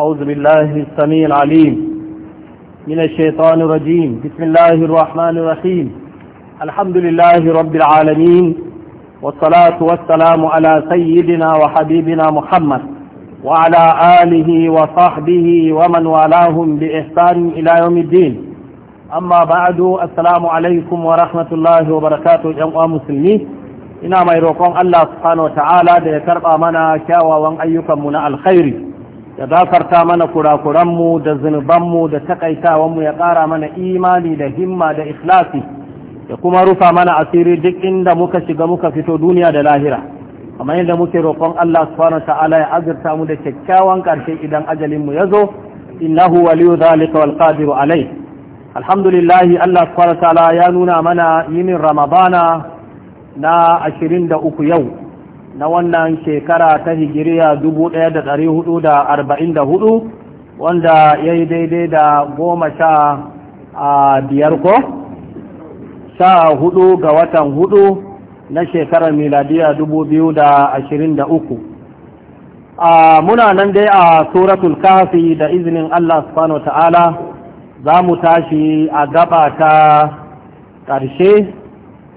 أعوذ بالله السميع العليم من الشيطان الرجيم بسم الله الرحمن الرحيم الحمد لله رب العالمين والصلاة والسلام على سيدنا وحبيبنا محمد وعلى آله وصحبه ومن والاهم بإحسان إلى يوم الدين أما بعد السلام عليكم ورحمة الله وبركاته جمع مسلمين ina mai roƙon Allah subhanahu wataala da ya karɓa mana kyawawan ayyukanmu na alkhairi ya gafarta mana kurakuranmu da zunubanmu da takaitawanmu ya ƙara mana imani da himma da ikhlasi ya kuma rufa mana asiri duk inda muka shiga muka fito duniya da lahira kamar yadda muke roƙon Allah subhanahu ta'ala ya azurta mu da kyakkyawan ƙarshe idan ajalin mu yazo innahu waliyu zalika wal qadiru alai alhamdulillah Allah subhanahu ta'ala ya nuna mana yinin ramadana na 23 yau na wannan shekara ta hijiriya 1444 wanda ya yi daidai da goma sha a biyar ko sha hudu ga watan hudu na shekarar miladiya 2023 a muna nan dai a suratul kafi da izinin Allah subhanahu wa ta'ala za mu tashi a gaba ta ƙarshe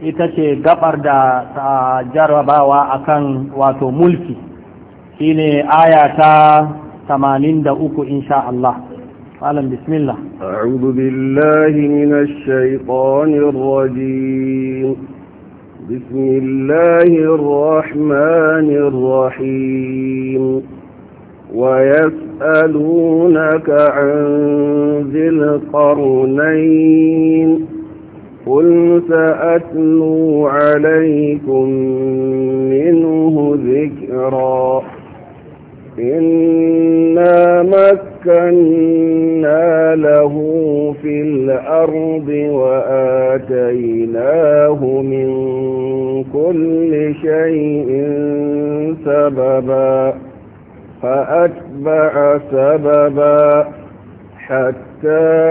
ita ce gabar da ta jarabawa akan wato mulki shine aya ta 83 insha Allah alam bismillah a'udhu billahi minash shaitanir rajim bismillahir rahmanir rahim ويسألونك عن ذي القرنين سأتلو عليكم منه ذكرا إنا مكنا له في الأرض وآتيناه من كل شيء سببا فأتبع سببا حتى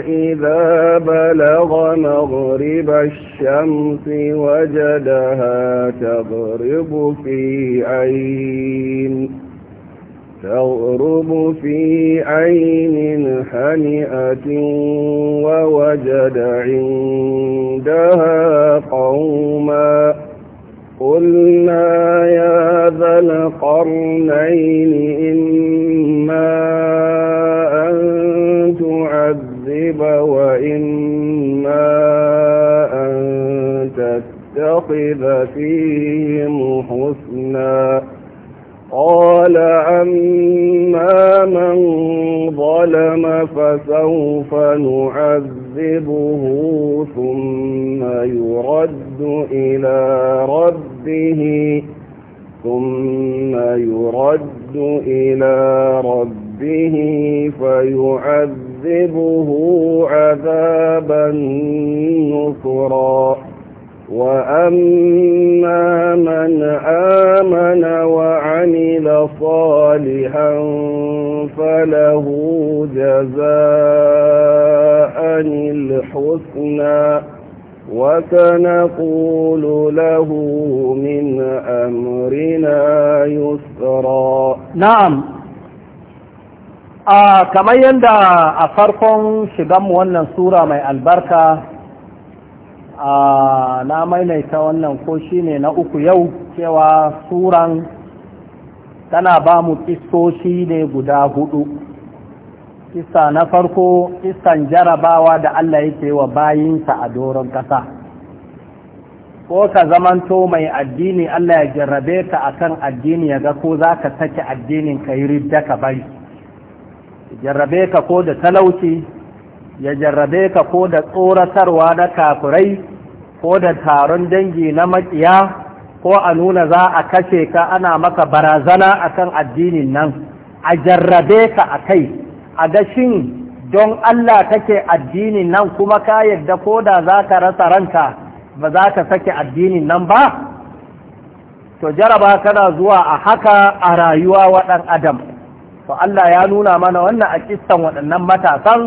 فإذا بلغ مغرب الشمس وجدها تغرب في عين تغرب في عين هنئة ووجد عندها قوما قلنا يا ذا القرنين إن وَإِمَّا أَن تَتَّخِذَ فِيهِمْ حُسْنًا قال أما من ظلم فسوف نعذبه ثم يرد إلى ربه ثم يرد إلى ربه فيعذب يعذبه عذابا نكرا وأما من آمن وعمل صالحا فله جزاء الحسنى وسنقول له من أمرنا يسرا نعم a kamar yadda a farkon shiganmu wannan sura mai albarka a na maimaita wannan ko shi ne na uku yau cewa suran tana ba mu kistoshi ne guda hudu kista na farko kistan jarabawa da Allah yake wa bayinsa a doron kasa ko ka zamanto mai addini Allah ya jarrabe ka akan addini ya ga ko za ka sake addinin ka yi ridda ka bari jarrabe ka ko da talauci ya jarrabe ka ko da tsoratarwa na kafirai ko da taron dangi na makiya ko a nuna za a kashe ka ana maka barazana akan addinin nan a jarrabe ka a kai a gashin don Allah kake addinin nan kuma ka yadda ko da za ka rasa ranta ba za ka sake addinin nan ba to jaraba kana zuwa a haka a rayuwa waɗan adam to Allah ya nuna mana wannan a kistan waɗannan matasan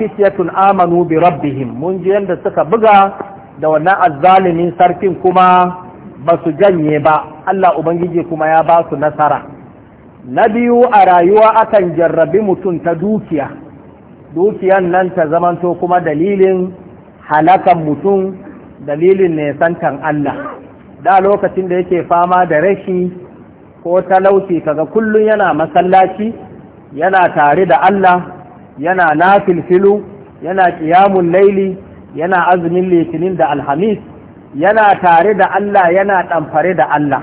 fityatun amanu bi rabbihim mun ji yadda suka buga da wannan azzalimin sarkin kuma ba su janye ba Allah ubangiji kuma ya ba su nasara na biyu a rayuwa akan jarrabi mutum ta dukiya dukiyan nan ta zamanto kuma dalilin halakan mutum dalilin nesantan Allah da lokacin da yake fama da rashi ko talauci kaga kullum yana masallaci yana tare da Allah yana nafilfilu yana ƙiyamun laili yana azumin litinin da alhamis yana tare da Allah yana ɗamfare da Allah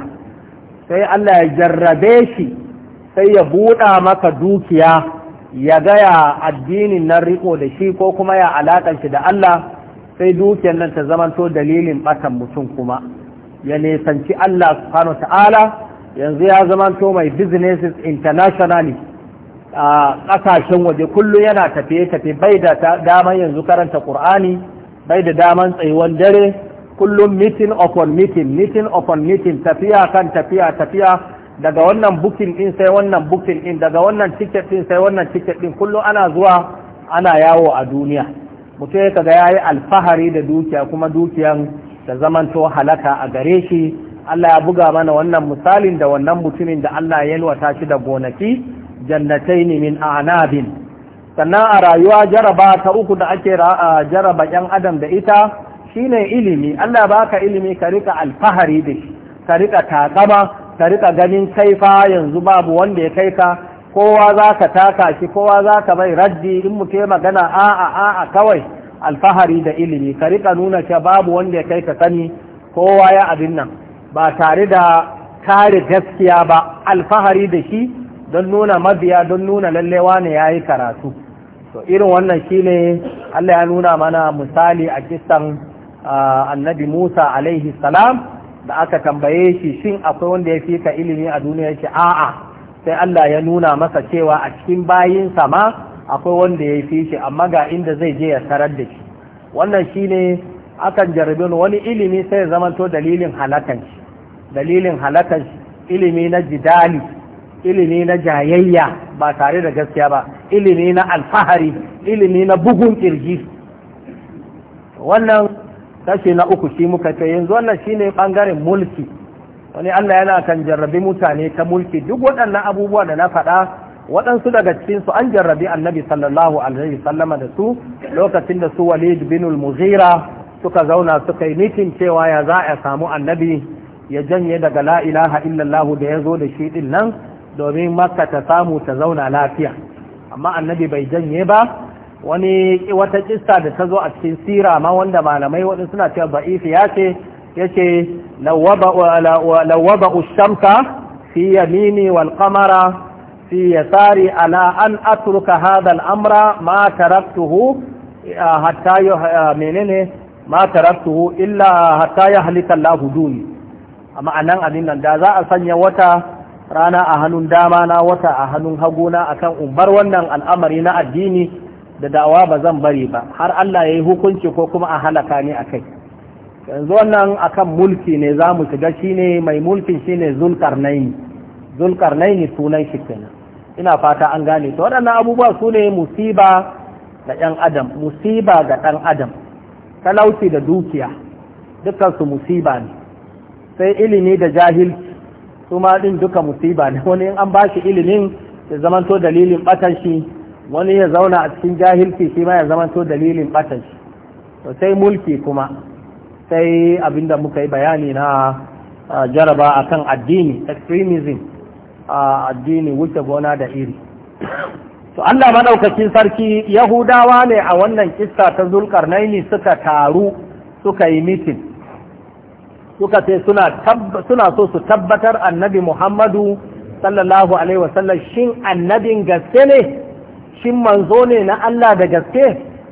sai Allah ya jarrabe shi sai ya buɗa maka dukiya ya gaya addinin nan riko da shi ko kuma ya alaƙar shi da Allah sai dukiyar nan ta zamanto dalilin ɓatan mutum kuma ya nesanci Allah subhanahu ta'ala yanzu ya zamanto mai businesses internationally a kasashen waje kullum yana tafiye-tafiye bai da daman yanzu karanta ƙur'ani bai da daman tsayuwan dare kullum meeting upon meeting meeting upon meeting tafiya kan tafiya tafiya daga wannan bukin din sai wannan bukin din daga wannan ticket din sai wannan ticket din kullum ana zuwa ana yawo a duniya mutum ya kaga yayi alfahari da dukiya kuma dukiyan da zamanto halaka a gare shi Allah ya buga mana wannan misalin da wannan mutumin da Allah ya yalwata shi da gonaki ne min anabin sannan a rayuwa jaraba ta uku da ake jaraba yan adam da ita shine ilimi Allah baka ilimi ka rika alfahari da shi ka rika takama ka rika ganin kaifa yanzu babu wanda ya kai ka kowa za ka taka shi kowa za ka bai raddi in mu ke magana a'a a'a kawai alfahari da ilimi ka rika nuna cewa babu wanda ya kai ka sani kowa ya abin nan ba tare da kare gaskiya ba alfahari da shi don nuna mabiya don nuna lallewa ne ya yi karatu to irin wannan shi ne Allah ya nuna mana misali a kisan annabi Musa alaihi salam da aka tambaye shi shin akwai wanda ya fika ilimi a duniya shi a'a sai Allah ya nuna masa cewa a cikin bayinsa ma akwai wanda ya fi shi amma ga inda zai je ya tarar da shi wannan shi ne akan jarabin wani ilimi sai ya zamanto dalilin halakan shi dalilin halakar ilimi na jidali ilimi na jayayya ba tare da gaskiya ba ilimi na alfahari ilimi na bugun kirji wannan kashi na uku shi muka ce yanzu wannan shine bangaren mulki wani Allah yana kan jarrabi mutane ta mulki duk waɗannan abubuwa da na faɗa waɗansu daga cikin su an jarrabi annabi sallallahu alaihi sallama da su lokacin da su walid bin al-mughira suka zauna suka yi mitin cewa ya za a samu annabi ya janye daga la'ilaha illallahu da ya zo da shi ɗin nan domin maka ta samu ta zauna lafiya amma annabi bai janye ba wani wata kissa da ta zo a cikin sira ma wanda malamai waɗansu suna cewa ba'ifi ya ce ya ce lawaba ushamka fi yamini wal qamara fi yasari ala an atruka hadha al amra ma taraktuhu hatta menene ma taraktuhu illa hatta a ma'anan abin nan da za a sanya wata rana a hannun dama na wata a hannun haguna akan umbar wannan al'amari na addini da dawa ba zan bari ba har Allah ya yi hukunci ko kuma a halaka ne a kai yanzu wannan akan mulki ne za mu shiga shi ne mai mulkin shine zulkarnaini zulkarnaini sunan shi kenan ina fata an gane to waɗannan abubuwa su ne musiba ga ɗan adam musiba ga ɗan adam talauci da dukiya dukkan su musiba ne sai ilimi da jahilci su ma ɗin duka musiba ne wani in an ba bashi ilimin ya zamanto dalilin ɓatan shi wani ya zauna a cikin jahilci shi ma ya zamanto dalilin ɓatan shi to sai mulki kuma sai abinda muka yi bayani na jaraba a kan addini extremism a addini wuce gona da iri to Allah madaukakin sarki Yahudawa ne a wannan kissa ta Zulkarnaini suka taru suka yi mitin suka ce suna so su tabbatar annabi muhammadu sallallahu alaihi wasallam shin annabin gaske ne shin manzo ne na Allah da gaske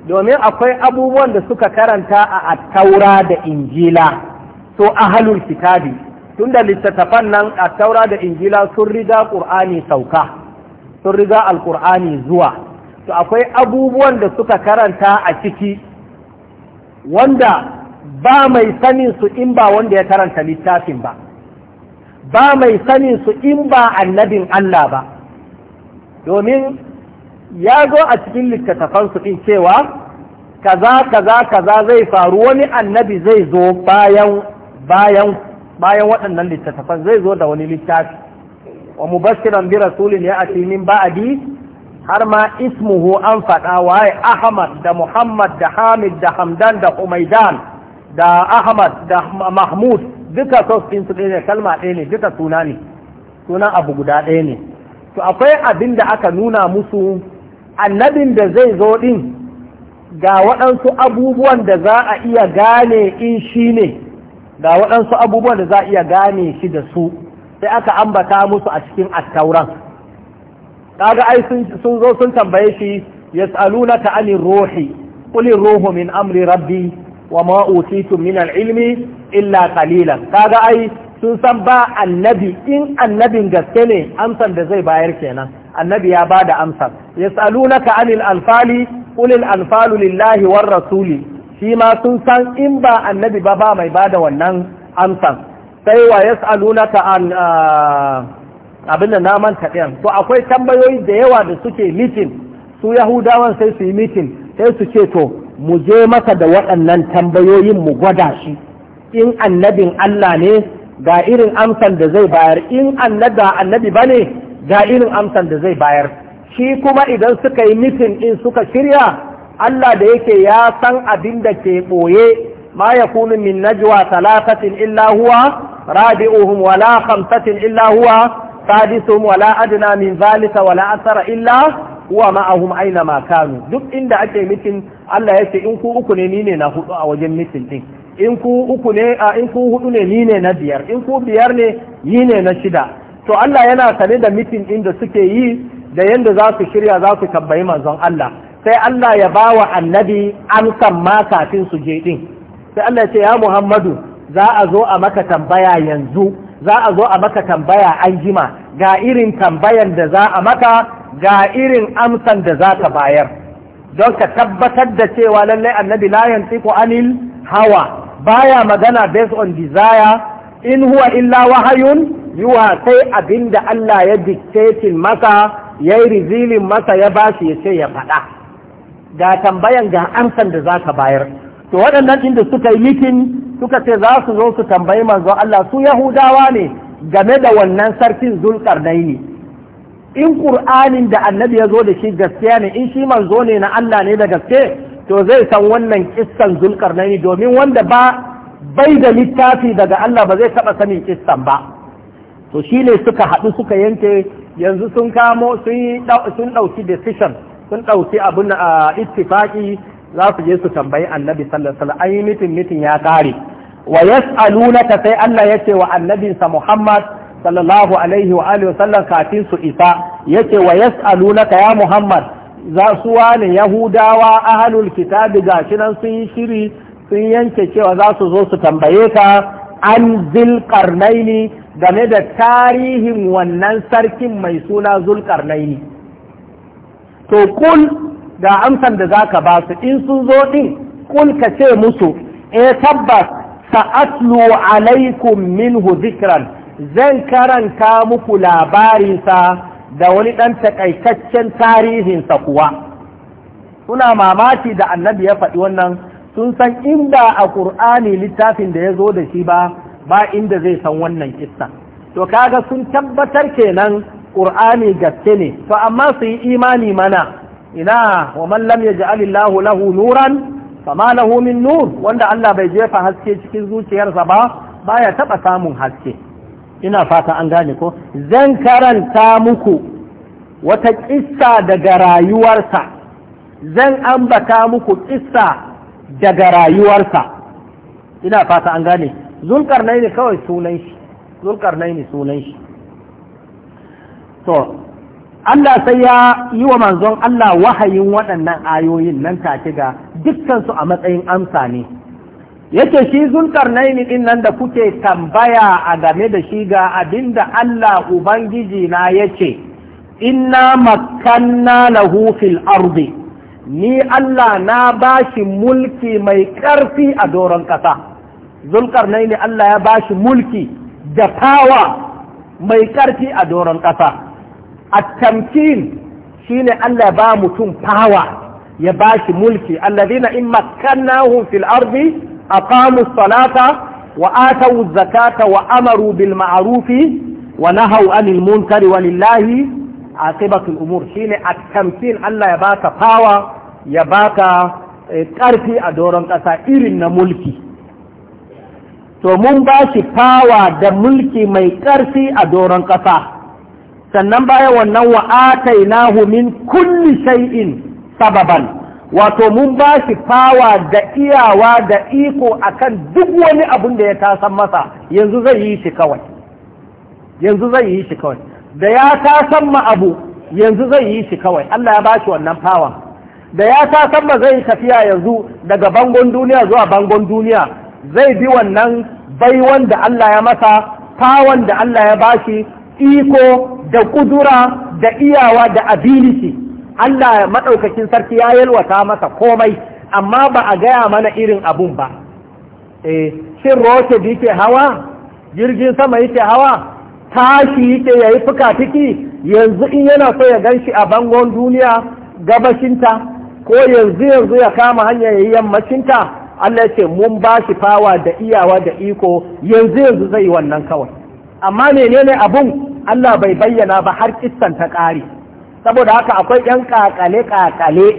domin akwai abubuwan da suka karanta a attaura da injila so ahalul kitabi tunda littattafan nan attaura da injila sun riga Kur'ani sauka sun riga alqur'ani zuwa to akwai abubuwan da suka karanta a ciki wanda ba mai sanin su in ba wanda ya karanta littafin ba ba mai sanin su in ba annabin Allah ba domin ya zo a cikin littattafan su in cewa kaza kaza kaza zai faru wani annabi zai zo bayan bayan bayan waɗannan littattafan zai zo da wani littafi wa mubashiran bi rasulin ya ati min ba'di har ma ismuhu an faɗa waye Ahmad da Muhammad da Hamid da Hamdan da Umaidan da ahmad da mahmud duka sosfin su ɗaya ne kalma ɗaya ne duka suna ne sunan abu guda ɗaya ne to akwai abin da aka nuna musu annabin da zai zo ɗin ga waɗansu abubuwan da za a iya gane in shi ne ga waɗansu abubuwan da za a iya gane shi da su sai aka ambata musu a cikin attauran kaga ai sun zo sun tambaye shi yas'alunaka anir ruhi qul ruhu min amri rabbi wa ma utitum ilmi illa qalilan kaga ai sun san ba annabi in annabin gaske ne amsan da zai bayar kenan annabi ya bada amsan yasalunaka anil anfali ƙulin anfalu lillahi war rasuli shi ma sun san in ba annabi ba ba mai bada wannan amsan sai wa yasalunaka an ah, abin na manta to akwai tambayoyi da yawa da suke mitin su yahudawan sai su yi mitin sai su ce to mu je masa da waɗannan tambayoyin mu gwada shi in annabin Allah ne ga irin amsan da zai bayar in annaba annabi bane ga irin amsan da zai bayar shi kuma idan suka yi mitin ɗin suka shirya Allah da yake ya san abin da ke ɓoye ma ya kunu min najwa talatatin illa huwa rabi'uhum wala khamsatin illa huwa sadisuhum wala adna min zalika wala asara illa huwa ma'ahum aina ma kanu duk inda ake mitin Allah ya ce in ku uku ne ni ne na hudu a wajen mitin din in ku uku ne a in ku hudu ne ni ne na biyar in ku biyar ne ni ne na shida to Allah yana sane da mitin din da suke yi da yanda za su shirya za su tabbayi manzon Allah sai Allah ya bawa annabi amsan ma kafin su je din sai Allah ya ce ya Muhammadu za a zo a maka tambaya yanzu za a zo a maka tambaya an jima ga irin tambayan da za a maka ga irin amsan da za ka bayar don ka tabbatar da cewa lallai annabi layan ko anil hawa baya magana based on desire in huwa illa wahayun yuwa sai abinda Allah ya dictating masa ya yi rizilin masa ya bashi ya ce ya faɗa ga tambayan ga amsan da za ka bayar to waɗannan inda suka yi mitin suka ce za su zo su tambayi manzo Allah su yahudawa ne game da wannan sarkin zulƙarnaini in ƙur'ani da annabi ya zo da shi gaskiya ne in shi manzo ne na Allah ne da gaske to zai san wannan kissan zulkarnaini domin wanda ba bai da littafi daga Allah ba zai taɓa sanin kissan ba to shine suka haɗu suka yanke yanzu sun kamo sun ɗauki decision sun ɗauki abin a ittifaki za su je su tambayi annabi sallallahu alaihi wasallam an yi mitin mitin ya kare wa yas'alunaka sai Allah ya ce wa annabinsa Muhammad sallallahu alaihi wa alihi wasallam kafin su isa yake wa yas'alunaka ya Muhammad za su wani Yahudawa ahlul kitabi gashi nan sun shiri sun yanke cewa za su zo su tambaye ka an naini game da tarihin wannan sarkin mai suna naini. to kul da amsan da zaka ba su in sun zo din kul ka ce musu e tabbas sa'atlu alaikum minhu dhikran zan karanta muku labarinsa da wani ɗan takaitaccen tarihinsa kuwa suna mamaki da annabi ya faɗi wannan sun san inda a ƙur'ani littafin da ya zo da shi ba ba inda zai san wannan kissa to kaga sun tabbatar kenan ƙur'ani gaske ne to amma su yi imani mana ina wa mallam lam yaj'alillahu lahu nuran fama lahu min nur wanda Allah bai jefa haske cikin zuciyarsa ba baya taɓa samun haske ina fata an gane ko zan karanta muku wata kissa daga rayuwarsa zan ambata muku kissa daga rayuwarsa ina fata an gane zulkarnai ne kawai sunan shi zulkarnai ne sunan shi to Allah sai ya yi wa manzon Allah wahayin waɗannan ayoyin nan take ga dukkansu a matsayin amsa ne yace shi zulkarnaini din nan da kuke tambaya a game da shi ga abinda Allah ubangiji na yace inna makanna lahu fil ardi ni Allah na bashi mulki mai ƙarfi a doron ƙasa zulkarnaini Allah ya bashi mulki da fawa mai ƙarfi a doron ƙasa a tamkin shine Allah ba mutum fawa ya bashi mulki allazina in makkannahum fil ardi aqamu salata wa atau zakata wa amaru bil ma'rufi wa nahaw anil munkari walillahi aqibatul umur shine at Allah ya baka fawa ya baka karfi eh, a doron kasa irin na mulki to mun ba shi fawa da mulki mai karfi a doron kasa sannan baya wannan wa atainahu min kulli shay'in sababan wato mun ba shi fawa da iyawa da iko akan duk wani abin da ya tasan masa yanzu zai yi shi kawai yanzu zai yi shi kawai da ya tasan ma abu yanzu zai yi shi kawai Allah ya ba shi wannan fawa da ya tasan ma zai tafiya yanzu daga bangon duniya zuwa bangon duniya zai bi wannan baiwan da Allah ya masa fawan da Allah ya ba shi iko da kudura da iyawa da ability Allah maɗaukakin sarki ya yalwata masa komai amma ba a gaya mana irin abun ba eh shin roke yake hawa jirgin sama yake hawa tashi yake yayi fuka tiki yanzu in yana so ya ganshi a bangon duniya gabashinta ko yanzu yanzu ya kama hanya yayi yammacinta Allah ya ce mun ba shi fawa da iyawa da iko yanzu yanzu zai wannan kawai amma menene abun Allah bai bayyana ba har kissan ta ƙare saboda haka akwai yan kakale ƙaƙale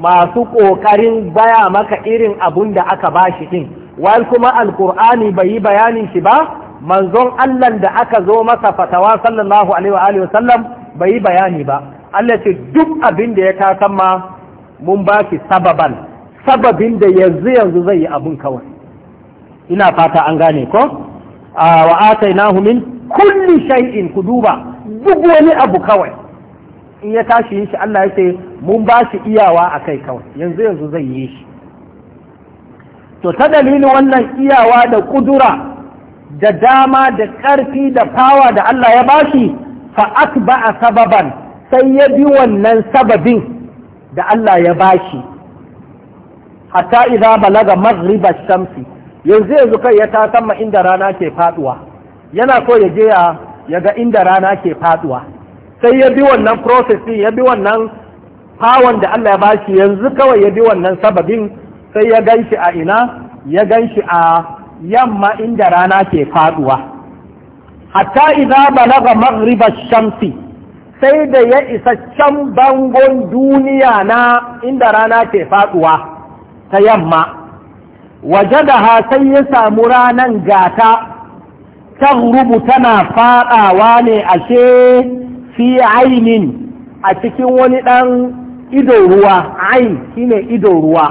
masu ƙoƙarin baya maka irin abun da aka bashi ɗin wal kuma Alƙur'ani bai yi bayanin shi ba manzon Allah da aka zo masa fatawa sallallahu alaihi wa sallam bai yi bayani ba Allah ce duk abin da ya tasan ma mun baki sababan sababin da yanzu yanzu zai yi abun kawai ina fata an gane ko wa'atai na min kulli shay'in ku duba duk wani abu kawai in ya tashi yin shi Allah ya ce mun ba shi iyawa a kai kawai yanzu yanzu zai yi shi to ta dalilin wannan iyawa da kudura da dama da ƙarfi da fawa da Allah ya ba shi fa'at ba a sababan sai ya bi wannan sababin da Allah ya ba shi hatta idza balaga maghriba shamsi yanzu yanzu kai ya tasamma inda rana ke faduwa yana so ya je ya ga inda rana ke faɗuwa. sai ya bi wannan process ya bi wannan hawan da Allah ya bashi yanzu kawai ya bi wannan sababin sai ya ganshi a ina ya shi a yamma inda rana ke faduwa hatta idza balagha maghriba shamsi sai da ya isa can bangon duniya na inda rana ke faduwa ta yamma waje wajadaha sai ya samu ranan gata ta rubuta na fadawa ne ashe fi ainin a cikin wani ɗan ido ruwa ain shine ido ruwa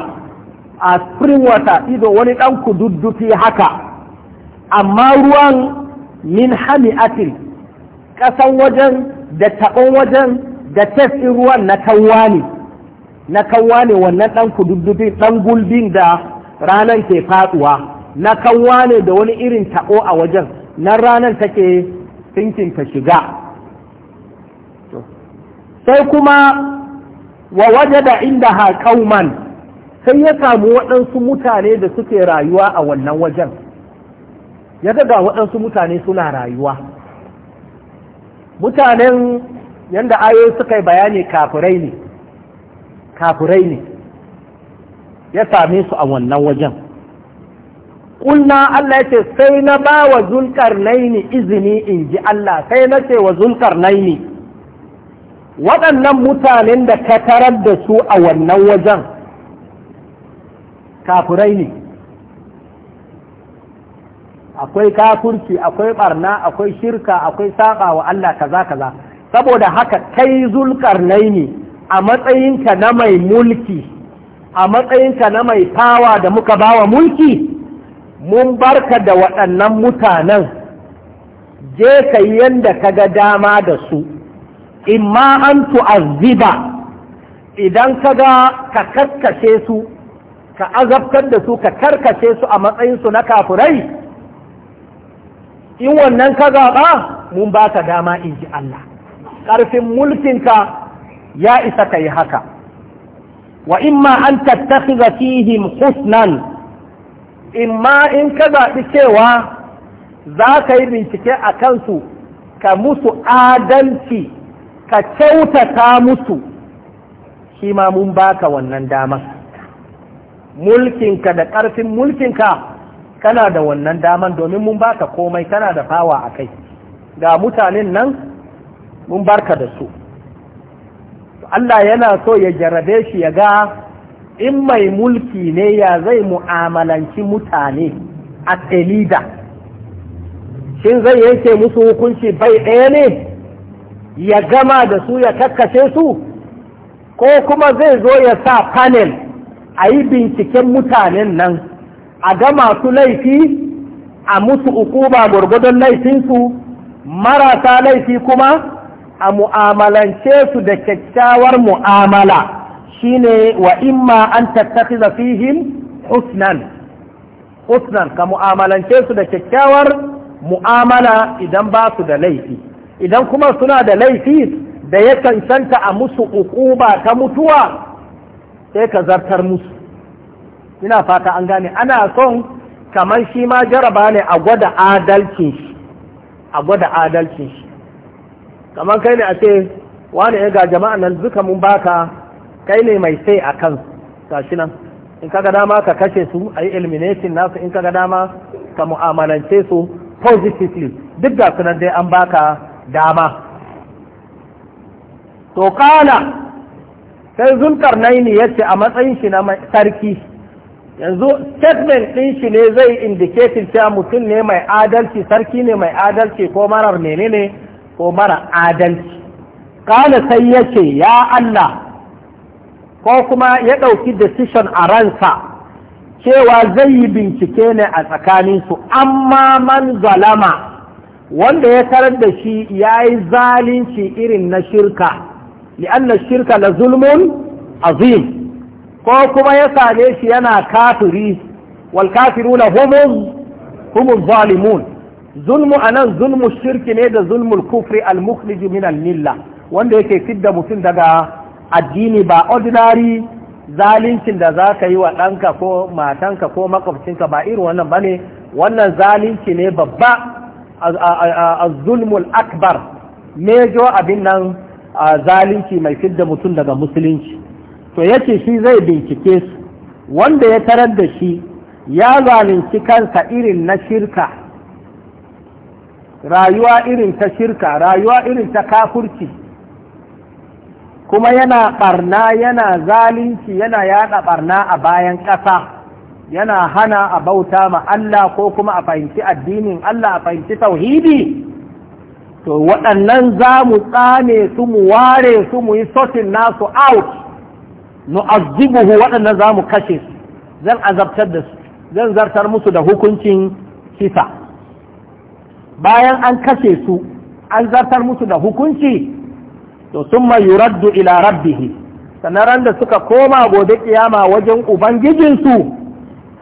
a spring water ido wani ɗan kududdufi haka amma ruwan min atil ƙasan wajen da taɓon wajen da tafi ruwan na kawwa ne na kawwa ne wannan ɗan kududdufi ɗan gulbin da ranar ke faɗuwa na kawwa ne da wani irin taɓo a wajen nan ranar take sinkin ta shiga sai kuma wa wajada ha kauman sai ya samu waɗansu mutane da suke rayuwa a wannan wajen ya ga waɗansu mutane suna rayuwa mutanen yadda ayoyi suka yi bayani kafirai ne kafirai ne ya same su a wannan wajen ƙulna Allah ya ce sai na ba wa zulƙar naini izini in ji Allah sai na ce wa zulƙar naini waɗannan mutanen da ka tarar da su a wannan wajen kafirai ne akwai kafurci akwai barna akwai shirka akwai saba wa Allah kaza kaza saboda haka kai ne, a matsayinka na mai mulki a matsayinka na mai fawa da muka bawa mulki mun barka da waɗannan mutanen je ka yi yadda ka ga dama da su imma an tu'azziba idan ka ga ka karkace su ka azabtar da su ka karkashe su a su na kafurai in wannan ka zaɓa mun ba ka dama in ji Allah ƙarfin mulkinka ya isa ka yi haka wa imma an tattakhidha fihim husnan imma in ka zaɓi cewa za ka yi bincike a kansu ka musu adalci ka kyautata musu shi ma mun baka wannan damar mulkinka da ƙarfin mulkinka kana da wannan daman domin mun baka komai kana da fawa a kai ga mutanen nan mun barka da su Allah yana so ya jarabe shi ya ga in mai mulki ne ya zai mu'amalanci mutane a tsalida shin zai yanke musu hukunci bai ɗaya ne ya gama da su ya kakkashe su ko kuma zai zo ya sa panel a yi binciken mutanen nan a gama su laifi a musu ba gwargwadon laifinsu marasa laifi kuma a mu'amalance su da kyakkyawar mu'amala Shi ne wa imma an tattafi fihim husnan husnan ka mu'amalance su da kyakkyawar mu'amala idan ba su da laifi idan kuma suna da laifi da ya cancanta a musu ukuba ta mutuwa sai ka zartar musu ina fata an gane ana son kamar shi ma jaraba ne a gwada adalcin shi a gwada adalcin shi kamar kai ne a ce wani ya ga jama'a nan duka mun baka kai ne mai sai a kan tashi nan in kaga dama ka kashe su a yi elimination nasu in kaga dama ka mu'amalance su positively duk da sunan dai an baka dama to kala sai zulkarnaini ya ce a matsayin shi na sarki yanzu statement ɗin shi ne zai indiketin cewa mutum ne mai adalci sarki ne mai adalci ko marar menene ko marar adalci kala sai ya ce ya Allah ko kuma ya ɗauki decision a ransa cewa zai yi bincike ne a tsakaninsu amma man zalama wanda ya tarar da shi ya yi zalunci irin na shirka li'anna shirka la zulmun azim ko kuma ya same shi yana kafiri wal kafiruna humuz humuz zalimun zulmu anan zulmu shirki ne da zulmul kufri al mukhrij min al milla wanda yake fidda mutum daga addini ba ordinary zalincin da za ka yi wa ɗanka ko matanka ko makwabcinka ba irin wannan ba ne wannan zalunci ne babba azulmul zulmul akbar mejo abin nan zalunci mai fidda mutum daga musulunci to yace shi zai bincike su wanda ya tarar da shi ya zalunci kansa irin na shirka rayuwa irin ta shirka rayuwa irin ta kafurci kuma yana barna yana zalunci yana yada barna a bayan ƙasa yana hana a bauta ma Allah ko kuma a fahimci addinin Allah a fahimci tauhidi to waɗannan za mu tsane su mu ware su mu yi sotin nasu out azubuhu waɗannan za mu kashe su zan azabtar da su zan zartar musu da hukuncin kisa bayan an kashe su an zartar musu da hukunci to summa yuraddu ila rabbihi sanaran da suka koma gobe kiyama wajen ubangijinsu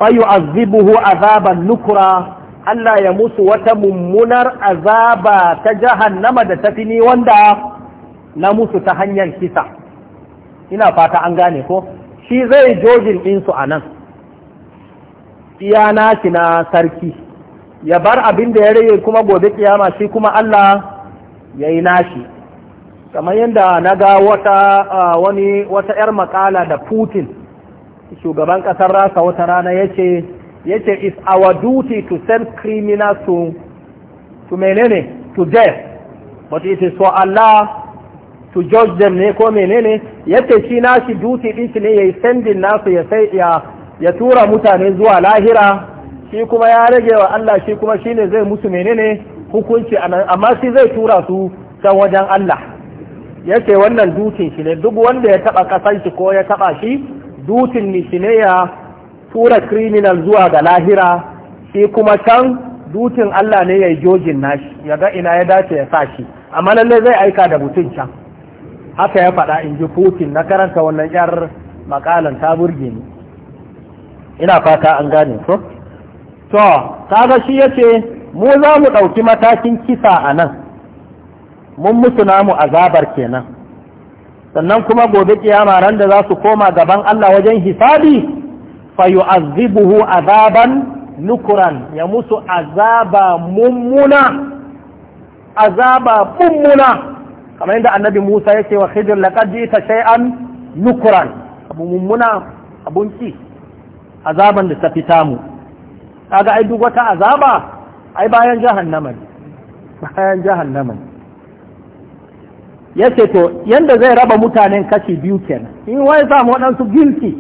fayu'azzibuhu azaban nukura Allah ya musu wata mummunar azaba ta jahannama da tafi ni wanda na musu ta hanyar kisa ina fata an gane ko shi zai jojin insu a nan iya naki na sarki ya bar abin da ya rage kuma gobe kiyama shi kuma Allah ya yi nashi kamar yadda na ga wata wani wata 'yar makala da Putin shugaban ƙasar rasa wata rana ya ce it's our duty to send criminals to to menene to death but it is for Allah to judge them ne ko menene yace shi nashi duty din shi ne yayi sendin nasu ya sai ya ya tura mutane zuwa lahira shi kuma ya rage wa Allah shi kuma shine zai musu menene hukunci amma shi zai tura su can wajen Allah yace wannan dutin shi ne duk wanda ya taɓa kasan shi ko ya taɓa shi dutin ya tura criminal zuwa ga lahira shi kuma can dutin Allah ne ya yi jojin nashi ya ga ina ya dace ya sa shi amma lalle zai aika da mutum can haka ya faɗa in ji putin na karanta wannan yar makalan ta burge ni ina fata an gane ko to kaga shi yace mu za mu ɗauki matakin kisa a nan mun musu namu azabar kenan sannan kuma gobe kiyama ran da za su koma gaban Allah wajen hisabi fa yu'azzibuhu azaban nukuran ya musu azaba mummuna azaba mummuna kamar yadda annabi Musa yake wa Khidir laqad jita shay'an nukuran abu mummuna abun ki azaban da ta fita mu kaga ai duk wata azaba ai bayan jahannama bayan jahannama Ya ce to yadda zai raba mutanen kashi biyu kenan in wai mu waɗansu guilty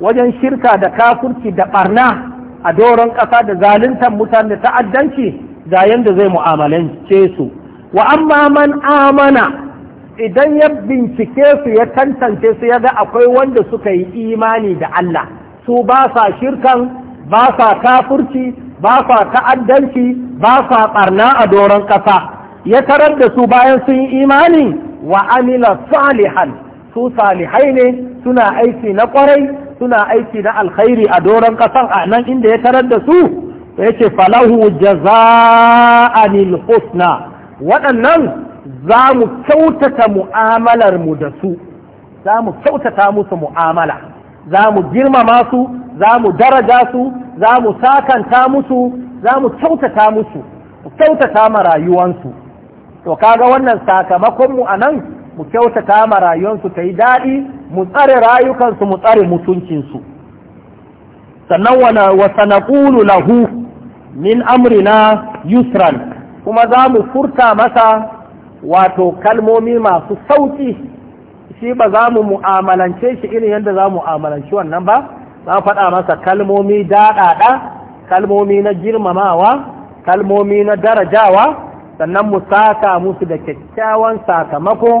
wajen shirka da kafurci da ɓarna a doron ƙasa da zaluntar mutane da ta'addanci ga yadda zai mu'amalance su wa amma man amana idan ya bincike su ya tantance su ya ga akwai wanda suka yi imani da Allah su ba sa shirkan ba sa kafurci ba sa ta'addanci ba sa barna a doron ƙasa ya tarar da su bayan sun yi imani wa amila salihan su salihai ne suna aiki na kwarai suna aiki na alkhairi a doron kasan a nan inda ya tarar da su ya ce falahu jaza'anil husna waɗannan za mu kyautata mu'amalar mu da su za mu kyautata musu mu'amala za mu girmama su za mu daraja su za mu sakanta musu za mu kyautata musu kyautata ma rayuwansu to kaga wannan sakamakon mu nan, mu kyautata ma rayuwarsu ta yi daɗi mu tsare rayukansu mu tsare mutuncinsu sannan wa na lahu min amrina yusran kuma za mu furta masa wato kalmomi masu sauki shi ba za mu mu'amalance shi irin yadda za mu mu'amalanci wannan ba za faɗa masa kalmomi daɗaɗa kalmomi na girmamawa kalmomi na darajawa sannan mu saka musu da kyakkyawan sakamako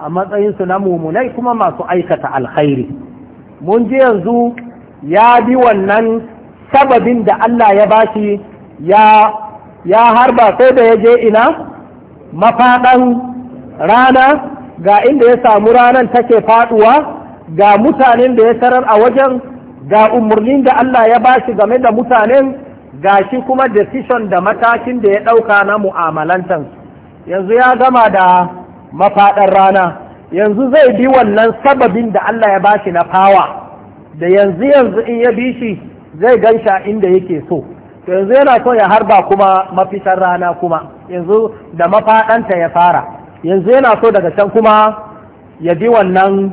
a matsayinsu na mumunai kuma masu aikata alkhairi mun ji yanzu ya bi wannan sababin da Allah ya bashi ya ya harba sai da ya je ina mafadan rana ga inda ya samu ranar take faduwa, ga mutanen da ya tarar a wajen ga umarnin da Allah ya bashi game da mutanen gashi kuma decision da matakin da ya ɗauka na mu'amalantan yanzu ya gama da mafaɗar rana yanzu zai bi wannan sababin da Allah ya bashi na fawa da yanzu yanzu in ya bi shi zai gansha inda yake so to yanzu yana so ya harba kuma mafitar rana kuma yanzu da mafaɗanta ya fara yanzu yana so daga can kuma ya bi wannan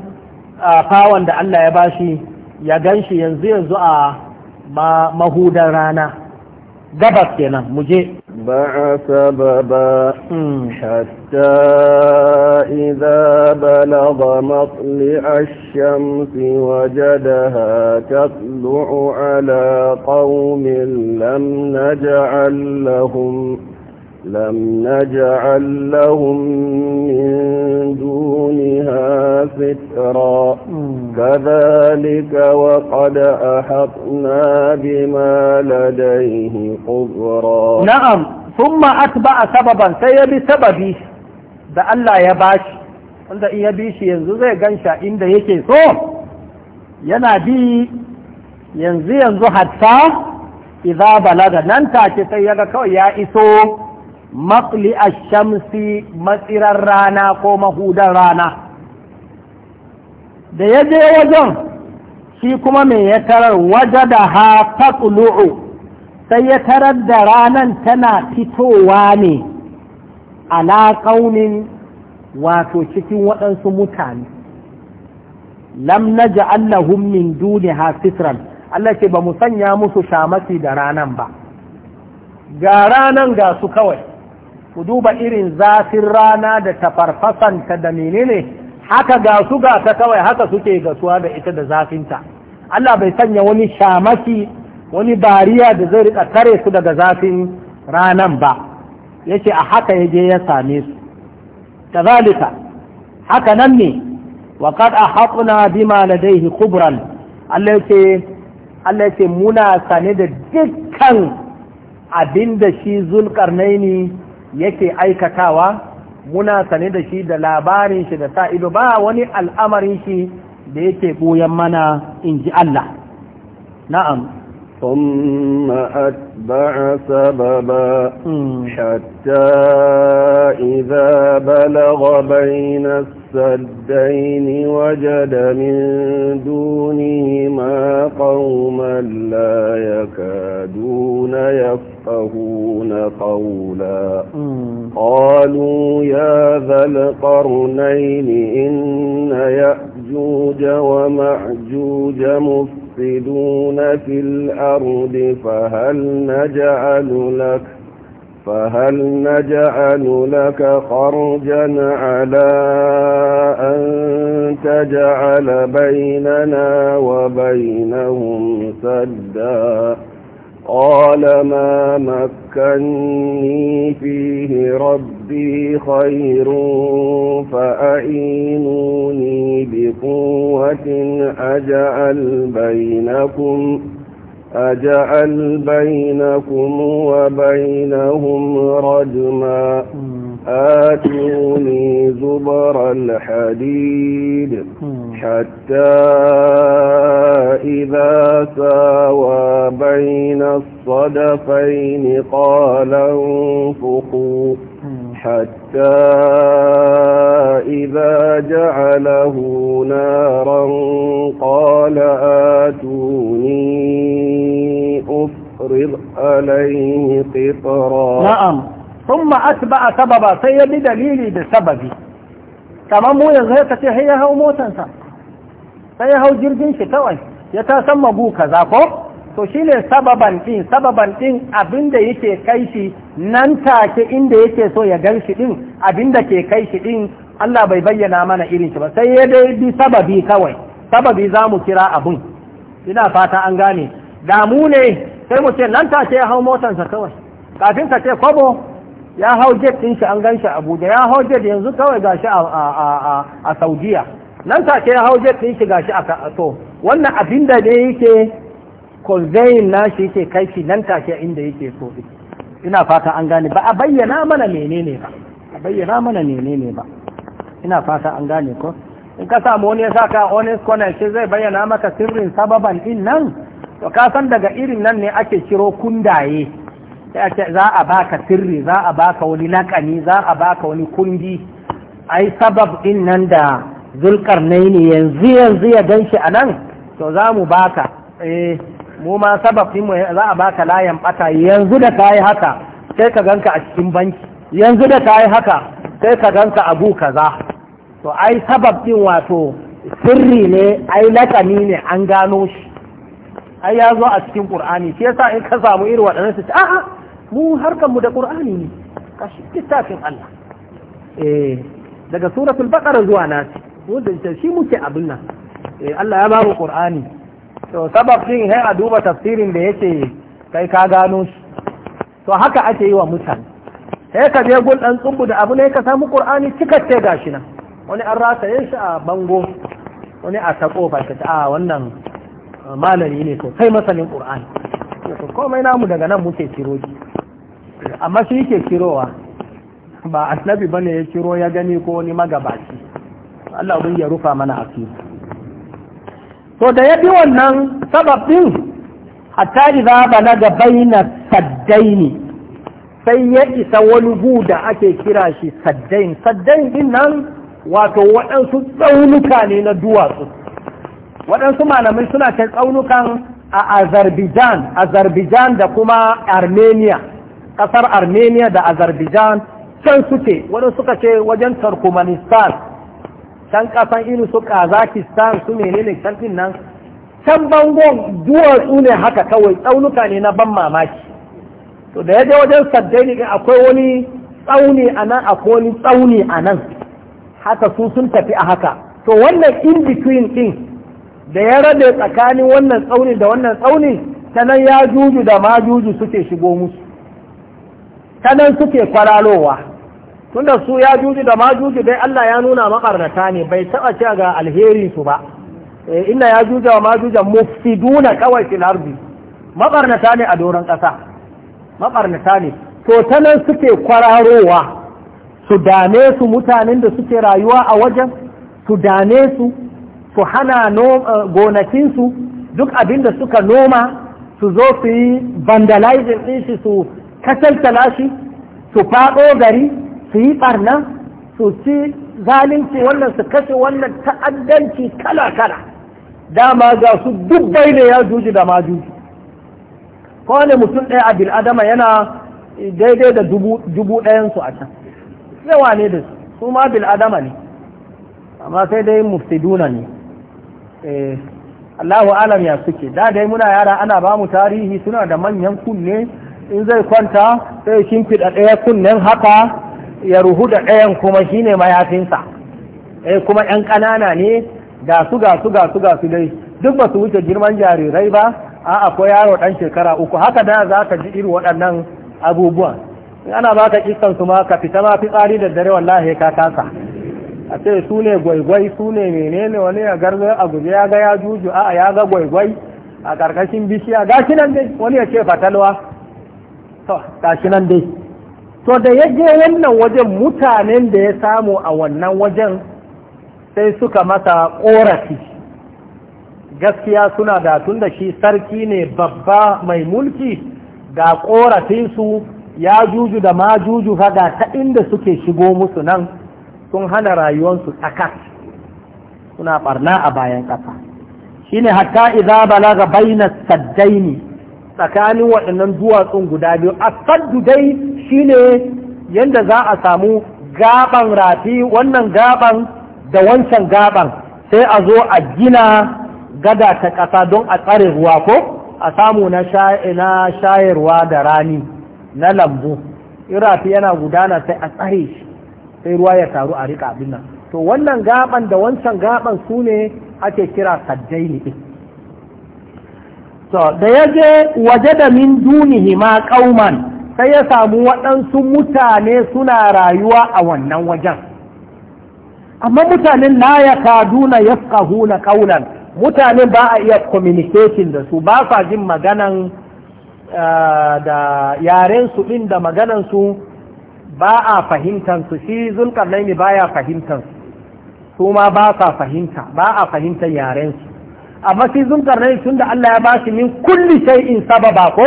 fawan da Allah ya bashi ya ganshi yanzu yanzu a mahudan rana gabas kenan muje ba a saba ba hatta idza balagha matli ash-shamsi wajadaha tatlu'u ala qaumin lam naj'al lahum لم نجعل لهم من دونها فترا كذلك وقد أحطنا بما لديه قبرا نعم ثم أتبع سببا سيب سببي ده ألا يباش وانت إن إيه يبيش ينزل قنشا إن ده يكي سو ينادي ينزل ينزل حدثا إذا بلد ننتا كي سيبك ويا إسو Maƙli a shamsi matsirar rana ko mahudan rana da ya je wajen shi kuma mai ya tarar waje da ha fatsulu'u sai ya tarar da ranan tana fitowa ne ala ƙaunin wato cikin waɗansu mutane lam na Allahun min duni ha sitran Allah ce ba mu sanya musu shamaki da ranan ba ga ranan ga su kawai ku duba irin zafin rana da tafarfasanta da menene haka ga su ga ta kawai haka suke gasuwa da ita da zafinta Allah bai sanya wani shamaki wani bariya da zai rika kare su daga zafin ranan ba yace a haka yaje ya same su kazalika haka nan ne wa qad ahatna bima ladayhi khubran Allah yace Allah yace muna sane da dukkan abinda shi zulkarnaini yake aikatawa muna sane da shi da labarin shi da sa ido ba wani al'amarin shi da yake goyon mana in ji Allah na'am ثم أتبع سببا حتى إذا بلغ بين السدين وجد من دونهما قوما لا يكادون يفقهون قولا قالوا يا ذا القرنين إن يأجوج ومأجوج مفتر يفسدون في الأرض فهل نجعل لك فهل نجعل لك خرجا على أن تجعل بيننا وبينهم سدًّا قال ما مكني فيه ربي خير فأعينوني بقوة أجعل بينكم أجعل بينكم وبينهم رجما آتوني زبر الحديد حتى إذا ساوى بين الصدفين قال انفقوا حتى إذا جعله نارا قال آتوني أفرض عليه قطرا نعم ثم أتبع سببا سيدي دليلي بسببي تمام مو يزهيك تحيها تنسى sai ya hau jirgin shi kawai ya ta san magu kaza ko to shine ne sababan ɗin sababan din abinda yake kai shi nan take inda yake so ya gan shi ɗin abinda ke kai shi din Allah bai bayyana mana irin shi ba sai ya dai bi sababi kawai sababi za mu kira abun ina fata an gane damu ne sai mu ce nan take ya hau sa kawai kafin ka ce kwabo ya hau jet din shi an gan shi abuja ya hau jet yanzu kawai gashi a saudiya nan take ya hau jet ɗin shi gashi a to wannan abin da ne yake na nashi yake kai shi nan take inda yake so ina fata an gane ba a bayyana mana menene ba a bayyana mana menene ba ina fata an gane ko in ka samu wani ya ka honest connection zai bayyana maka sirrin sababan din nan to ka san daga irin nan ne ake ciro kundaye za a baka sirri za a baka wani lakani za a baka wani kundi ai sabab din nan da ne yanzu yanzu ya gan shi a nan to za mu baka eh mu ma sababin za a baka layan bata yanzu da kayi haka sai ka ganka a cikin banki yanzu da kayi haka sai ka ganka bu kaza to ai sabab din wato sirri ne ai lakani ne an gano shi ai ya zo a cikin qur'ani shi yasa in ka samu irin waɗannan su a'a mu harkan mu da qur'ani ne kashi littafin Allah eh daga suratul baqara zuwa nasi mu da shi muke abin nan eh, Allah ya bamu Qur'ani to sabab din sai a duba tafsirin da yake kai ka gano shi to haka ake yi wa mutane sai ka je gun dan tsubu da abu ne ka samu Qur'ani cikakke gashi nan wani an rataye shi a bango wani a ta kofa ta a wannan eh, malami ne to kai masanin Qur'ani to komai namu daga nan muke kiro eh, amma shi yake kirowa ba annabi bane ya kiro ya gani ko wani magabaci Allah bin ya rufa mana aki to da ya bi wannan sabab a hatta idza balaga baina saddaini sai ya isa wani guda da ake kira shi saddain saddain din nan wato waɗansu tsaunuka ne na duwatsu waɗansu malamai suna kai tsaunukan a azerbaijan azerbaijan da kuma armenia ƙasar armenia da azerbaijan can suke waɗansu suka ce wajen turkmenistan can kasan inu su kazakistan su menene can din nan can bangon duwatsu ne haka kawai tsaunuka ne na ban mamaki to da ya je wajen saddai akwai wani tsauni a nan akwai wani tsauni a nan haka su sun tafi a haka to wannan in between din da ya rabe tsakanin wannan tsauni da wannan tsauni sanan ya juju da ma juju suke shigo musu ta nan suke kwararowa tunda su ya juji da ma juji dai Allah ya nuna makarnata ne bai taba cewa ga alheri su ba eh, inna ya juja wa ma juja mufsiduna kawai fil ardi makarnata ne a doron kasa makarnata ne to tanan suke kwararowa su dame su mutanen da suke rayuwa a wajen su dame su su hana eh, gonakinsu duk abin da suka noma su zo su yi vandalizing ɗin shi su kasaltala shi su faɗo gari su yi barnan su ci zalunci wannan su kashe wannan ta'addanci kala-kala dama ga su dubbai ne ya juji da ma juji kowane mutum ɗaya a bil'adama yana daidai da dubu ɗayansu a can yawa ne da su ma bil'adama ne amma sai dai muftiduna ne eh, Allahu alam ya suke da dai muna yara ana ba mu tarihi suna da manyan kunne in zai kwanta sai shimfiɗa ɗaya kunnen haka ya ruhu da ɗayan kuma shi ne mayafinsa eh kuma 'yan ƙanana ne ga su ga su ga su ga su dai duk ba su wuce girman jarirai ba a ko yaro ɗan shekara uku haka da za ka ji irin waɗannan abubuwan in ana ka kiskan su ma ka fita ma fitsari da dare wallahi ka kasa a ce su ne gwaigwai su ne menene wani ya garzo a guje ya ga ya juju a ya ga gwaigwai a ƙarƙashin bishiya gashi nan dai wani ya ce fatalwa to gashi nan dai to da ya je wannan wajen mutanen da ya samu a wannan wajen sai suka masa korafi gaskiya suna da tun da shi sarki ne babba mai mulki da korafinsu ya juju da ma juju ga ta inda suke shigo musu nan sun hana rayuwarsu tsakas suna barna a bayan ƙasa shine hatta idza balaga baina saddaini tsakanin waɗannan duwatsun guda biyu a saddu dai shi ne yadda za a samu gaban rafi wannan gaban da wancan gaban sai a zo a gina gada ta ƙasa don a tsare ruwa ko a samu na shayarwa da rani na lambu in rafi yana gudana sai a tsare shi sai ruwa ya taru a riƙa abin nan to wannan gaban da wancan gaban su ne ake kira saddai ne so da ya je waje da min dunihi ma kauman sai ya samu waɗansu mutane suna rayuwa a wannan wajen amma mutanen na ya kaduna ya na kaunan, mutane ba a iya communication da su ba sa jin maganan eh, da yarensu ɗin da maganansu ba a fahimtansu shi zulkarnaini ba ya fahimtansu su ma ba sa fahimta ba a fahimtar yarensu amma shi zulkarnain tun da Allah ya ba shi min kulli in sababa ko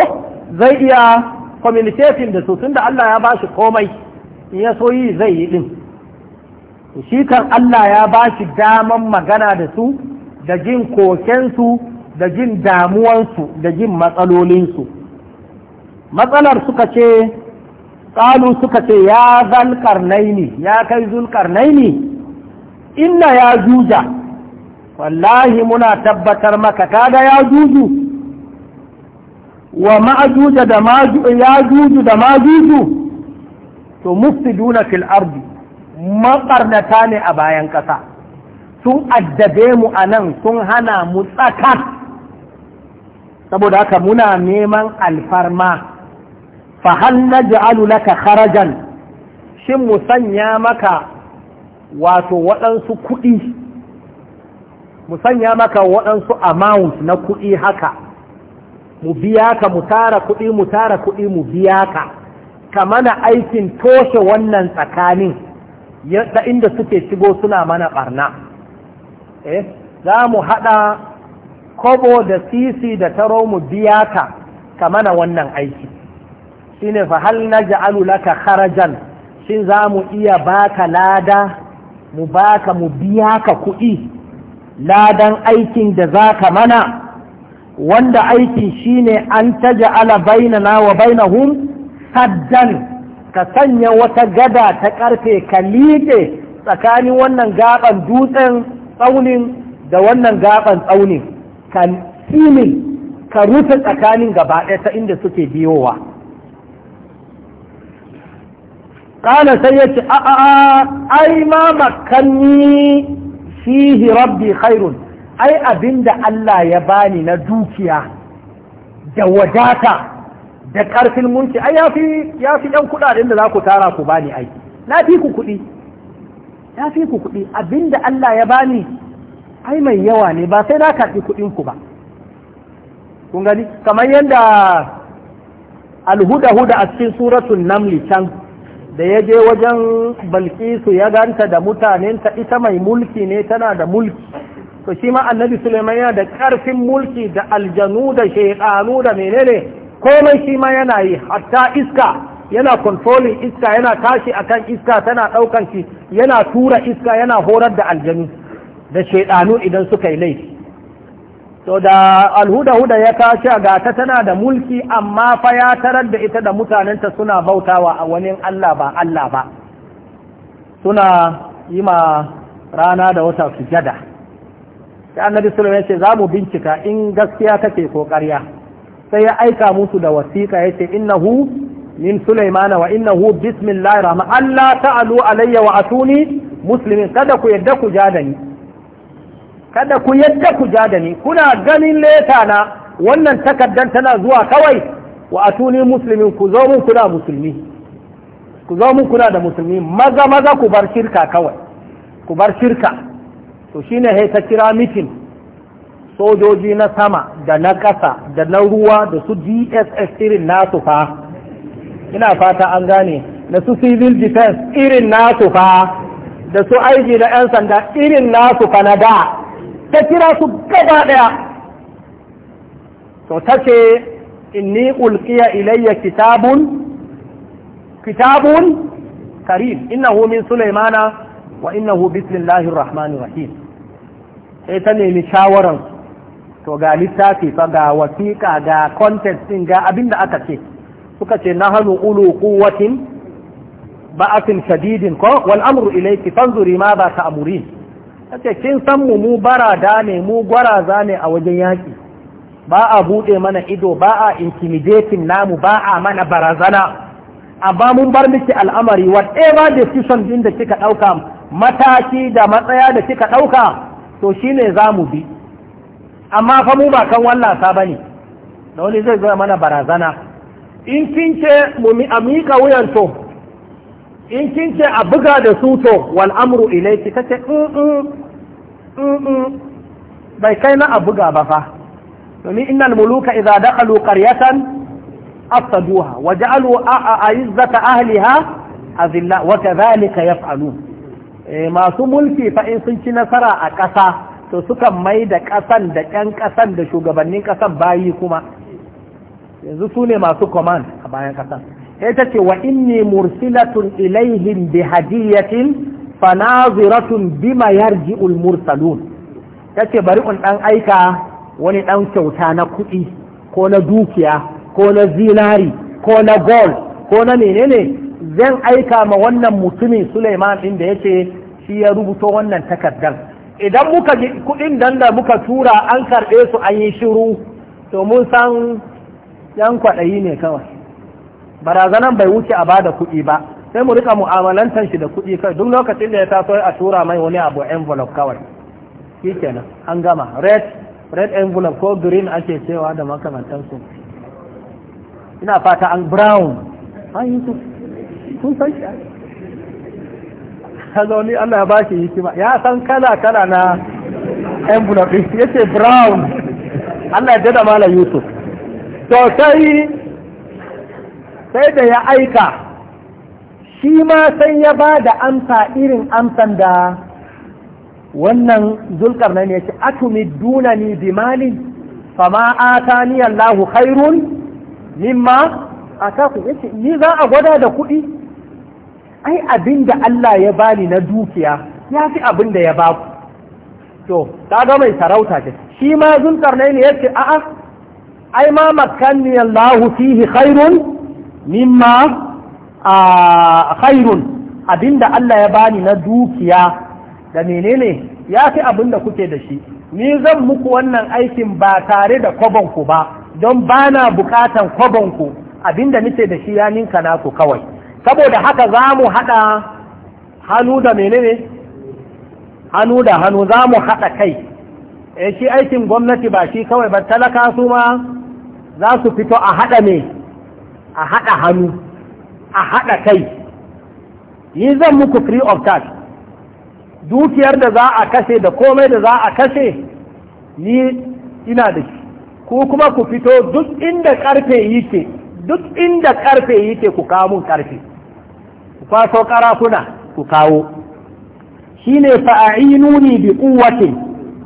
zai iya communicating da su tun da Allah ya ba shi komai in ya so yi zai yi din shi kan Allah ya ba shi daman magana da su da jin kokensu da jin damuwansu da jin matsalolinsu matsalar suka ce ƙalu suka ce ya zalƙarnaini ya kai zulƙarnaini inna ya juja wallahi muna tabbatar maka kaga ya juju wa ma'ajuja da ya juju da majuju to mufsiduna fil ardi mabarnata ne a bayan ƙasa sun addabe mu a nan sun hana mu tsaka saboda haka muna neman alfarma fa hal naj'alu laka kharajan shin mu sanya maka wato waɗansu kuɗi mu sanya maka waɗansu amount na kuɗi haka mu biya ka mu tara kuɗi mu tara kuɗi mu biya ka ka mana aikin toshe wannan tsakanin yadda inda suke shigo suna mana ɓarna eh za mu haɗa kobo da sisi da taro mu biya ka ka mana wannan aiki shine fa hal naj'alu laka kharajan shin za mu iya baka lada mu baka mu biya ka kuɗi ladan aikin da za ka mana wanda aiki shine an ala baina na wa hun saddan ka sanya wata gada ta karfe ka liƙe tsakanin wannan gaban dutsen tsaunin da wannan gaban tsaunin ka filin ka rufe tsakanin gaba ɗaya ta inda suke biyowa ƙana sai ya ce a'a ai ma makanni fihi rabbi khairun ai abinda Allah ya bani na dukiya da wadata da ƙarfin mulki ai yafi yafi ɗan kuɗaɗen da za ku tara ku bani ai na fi ku kuɗi na ku kuɗi abinda Allah ya bani ai mai yawa ne ba sai na karɓi kuɗin ku ba kun gani kamar yadda alhuda huda a cikin suratul namli can da ya je wajen balkisu ya ganta da mutanenta ita mai mulki ne tana da mulki to shi ma annabi suleiman yana da ƙarfin mulki da aljanu da shekanu da menene komai shi ma yana yi hatta iska yana kontrolin iska yana tashi akan iska tana ɗaukan shi yana tura iska yana horar da aljanu da shekanu idan suka yi laifi to da alhuda-huda ya tashi ga ta tana da mulki amma fa ya tarar da ita da mutanenta suna bautawa a wani Allah ba Allah ba suna yi ma rana da wata sujada sai annabi sulaiman ya ce za mu bincika in gaskiya kake ko ƙarya sai ya aika musu da wasiƙa ya ce innahu min sulaimana wa innahu bismillahir rahman Allah ta'alu alayya wa atuni muslimin kada ku yadda ku ja da ni kada ku yadda ku ja da ni kuna ganin leta na wannan takaddan tana zuwa kawai wa atuni muslimin ku zo mun kuna musulmi ku zo mun kuna da musulmi maza maza ku bar shirka kawai ku bar shirka to shine he ta kira mitin sojoji na sama da na ƙasa da na ruwa da su dss irin nasu fa ina fata an gane da su civil defense irin nasu fa da su aiki da 'yan sanda irin nasu fa na da ta kira su gaba ɗaya. to tace inni ulqiya ilayya kitabun kitabun karim innahu min sulaimana wa innahu bismillahir rahmanir rahim sai ta nemi shawaran to ga littafi fa ga wasiƙa ga kontest din ga abinda aka ce suka ce na hannu ulu quwwatin ba'atin shadidin ko wal amru ilayki fanzuri ma ba amurin? ce kin san mu mu barada ne mu gwaraza ne a wajen yaƙi ba a buɗe mana ido ba a intimidating namu ba a mana barazana amma mun bar miki al'amari whatever decision din da kika ɗauka mataki da matsaya da kika ɗauka to shine za mu bi amma fa mu ba kan wallasa ba ne da wani zai zama mana barazana in kin ce mu miƙa wuyan to in kin ce a buga da su to wal amru ilayki kace in mm, mm, mm, bai kai na a buga ba fa domin innal muluka idza dakhalu qaryatan afsaduha wa ja'alu a'izzata ahliha azilla wa kadhalika yaf'alun eh, masu mulki fa in sun ci nasara a ƙasa to suka mai da ƙasan da ƴan ƙasan da shugabannin ƙasan bayi kuma yanzu su ne masu command a bayan ƙasan sai ta ce wa inni mursilatun ilaihim bi hadiyatin fanaziratun bima yarji'ul mursalun ta ce bari un dan aika wani ɗan kyauta na kuɗi ko na dukiya ko na zinari ko na gold ko na menene zan aika ma wannan mutumin Suleiman din da yace shi ya rubuto wannan takardar idan muka ji kuɗin dan da muka tura an karɓe su an yi shiru to mun san yan kwaɗayi ne kawai barazanan bai wuce a bada kuɗi ba sai mu rika mu'amalantar shi da kuɗi kai duk lokacin da ya taso a tura mai wani abu envelope kawai kenan an gama red red envelope ko green ake cewa da su ina fata an brown an yi su sun san shi ha zaune Allah ya ba shi hikima ya san kala kala na envelope ya ce brown Allah ya dada malam Yusuf to sai da ya aika shi ma sai ya ba da amsa irin amsan da wannan na zulkarnain ya ce atumi dunani bi mali fama atani Allahu khairun mimma ataku ce ni za a gwada da kuɗi ai abin da Allah ya bani na dukiya ya fi abin da ya ba ku to ga mai sarauta ce shi ma na zulkarnain ya ce a'a ai ma makkanni Allahu fihi khairun mimma a khairun abinda Allah ya bani na dukiya da menene ya fi abinda kuke da shi ni zan muku wannan aikin ba tare da kwabon ku ba don ba na bukatan ku abinda nake da shi ya ninka naku kawai saboda haka za mu haɗa hannu da menene hannu da hannu za mu haɗa kai e shi aikin gwamnati ba shi kawai ba talaka su ma za su fito a haɗa me a haɗa hannu a haɗa kai yi zan muku free of tax dukiyar da za a kashe da komai da za a kashe ni ina da shi ko kuma ku fito duk inda karfe yake duk inda karfe yake ku kawo mun karfe ku kwaso karafuna ku kawo shi ne shine nuni bi kuwace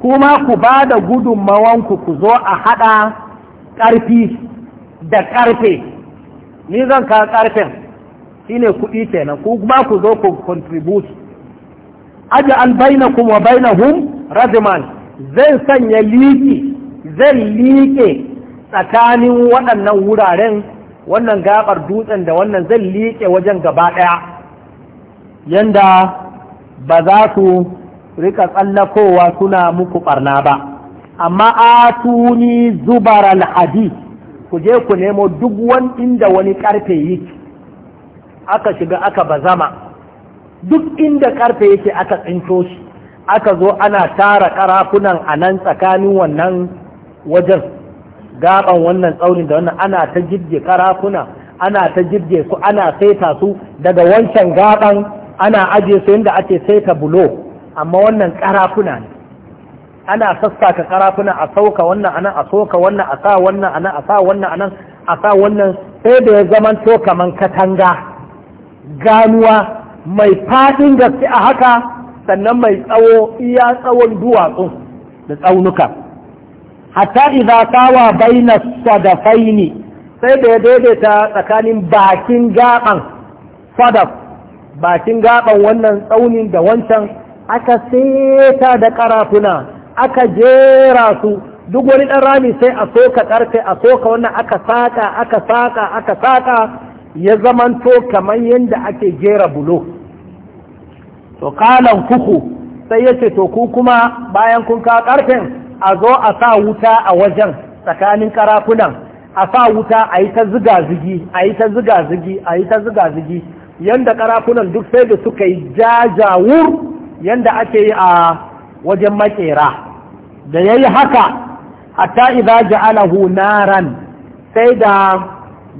kuma ku ba da gudunmawanku ku zo a hada karfi da karfe ni zan ka ƙarfen shine kuɗi kenan ku ba ku zo ku contribute aja an bainakum wa bainahum radman zai sanya liki zai liƙe tsakanin waɗannan wuraren wannan gabar dutsen da wannan zai liƙe wajen gaba ɗaya yanda ba za su rika tsallakowa suna muku ɓarna ba amma atuni zubar al-hadith ku je ku nemo duk wani inda wani karfe yake aka shiga aka bazama duk inda karfe yake aka tsinto shi aka zo ana tara karafunan a nan tsakanin wannan wajen gaban wannan tsaunin da wannan ana ta jirge karafuna ana ta jirge su ana saita su daga wancan gaban ana ajiye su yadda ake saita bulo amma wannan karafuna ne ana sassaka karafuna a sauka wannan anan a soka wannan a sa wannan anan a sa wannan anan a sa wannan sai da ya zaman to kaman katanga ganuwa mai fadin gaske a haka sannan mai tsawo iya tsawon duwatsu da tsaunuka hatta idza tawa baina sadafaini sai da ya daidaita tsakanin bakin gaban sadaf bakin gaban wannan tsaunin da wancan aka seta da karafuna aka jera su duk wani ɗan rami sai a soka ƙarfe a soka wannan aka saƙa aka saƙa aka saƙa ya zamanto kamar yadda ake jera bulo to kalan kuku sai yace ce to ku kuma bayan kun ka ƙarfen a zo a sa wuta a wajen tsakanin karafunan a sa wuta a yi ta ziga-zigi a yi ta ziga-zigi a yi ta ziga-zigi yadda karafunan duk sai da suka yi jajawur yanda ake yi a wajen makera da ya yi haka hatta idza ja'alahu naran sai da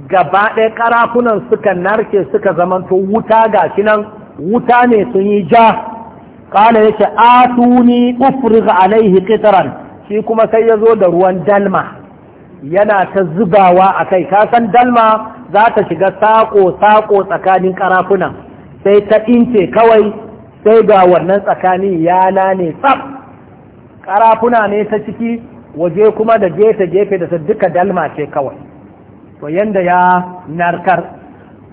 gaba ɗaya ƙarafunan suka narke suka zamanto wuta ga shi nan wuta ne sun yi ja ƙala ya ce atuni ufrig alaihi ƙitaran shi kuma sai ya zo da ruwan dalma yana ta zubawa a kai kasan dalma za ta shiga saƙo-saƙo tsakanin ƙarafunan sai ta ince kawai sai ga wannan tsakani ya lane tsaf Ƙarafuna ne ta ciki waje kuma da gefe-gefe da duka dalma ce kawai to yanda ya narkar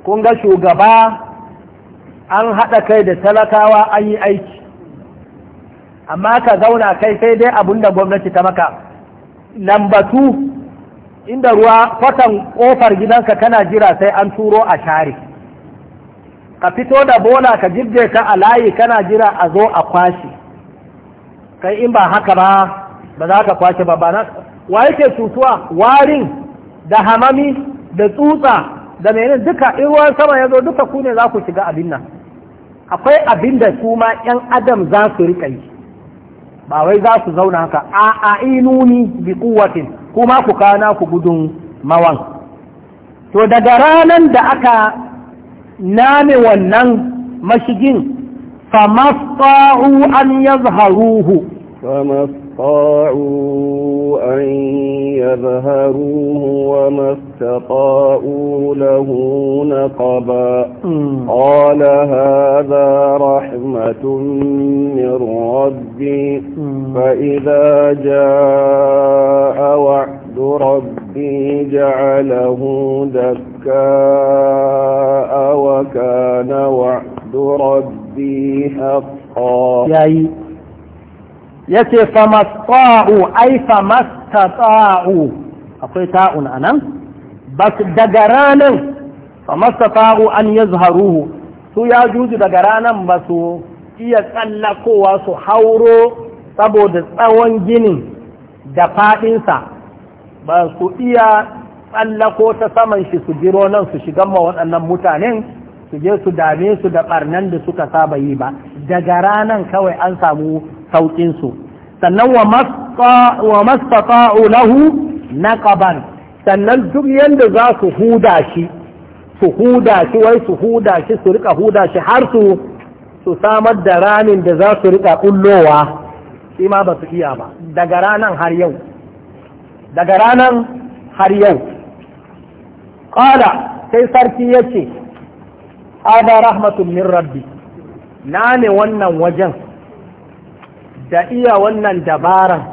kun ga shugaba an haɗa kai da talakawa an yi aiki amma ka zauna kai sai dai abin da gwamnati ta maka lambatu inda ruwa kwatan ƙofar gidanka kana jira sai an turo a share ka fito da bola ka jirje ta a layi kana jira a zo a kwashe kai in ba haka ba ba za ka kwashe ba ba na wa yake cutuwa warin da hamami da tsutsa da mene duka in ruwan sama ya zo duka ku ne za ku shiga abin nan akwai abin da kuma yan adam za su riƙa yi ba wai za su zauna haka a a inuni bi kuwatin kuma ku kana ku gudun mawan to daga ranan da aka name wannan mashigin famasta'u an yazharuhu famasta'u استطاعوا أن يظهروه وما استطاعوا له نقبا قال هذا رحمة من ربي فإذا جاء وعد ربي جعله دكاء وكان وعد ربي حقا ya ce famasta'u ai famastata'u akwai ta'un anan, nan ba daga ranar famastata'u an ya zuharuhu su ya juju daga ranar ba su iya tsallakowa su hauro saboda tsawon ginin da faɗinsa ba su iya tsallako ta saman shi su jiro nan su shigan ma waɗannan mutanen su je su dame su da barnan da suka saba yi ba daga ranan kawai an samu saukin su sannan wa mastata'u lahu naqaban sannan duk yanda za su huda shi su huda shi wai su huda shi su rika huda shi har su su samar da ramin da za su rika kullowa shi ma ba su iya ba daga ranan har yau daga ranan har yau ƙala sai sarki ya ce hada rahmatun min rabbi na ne wannan wajen da iya wannan dabaran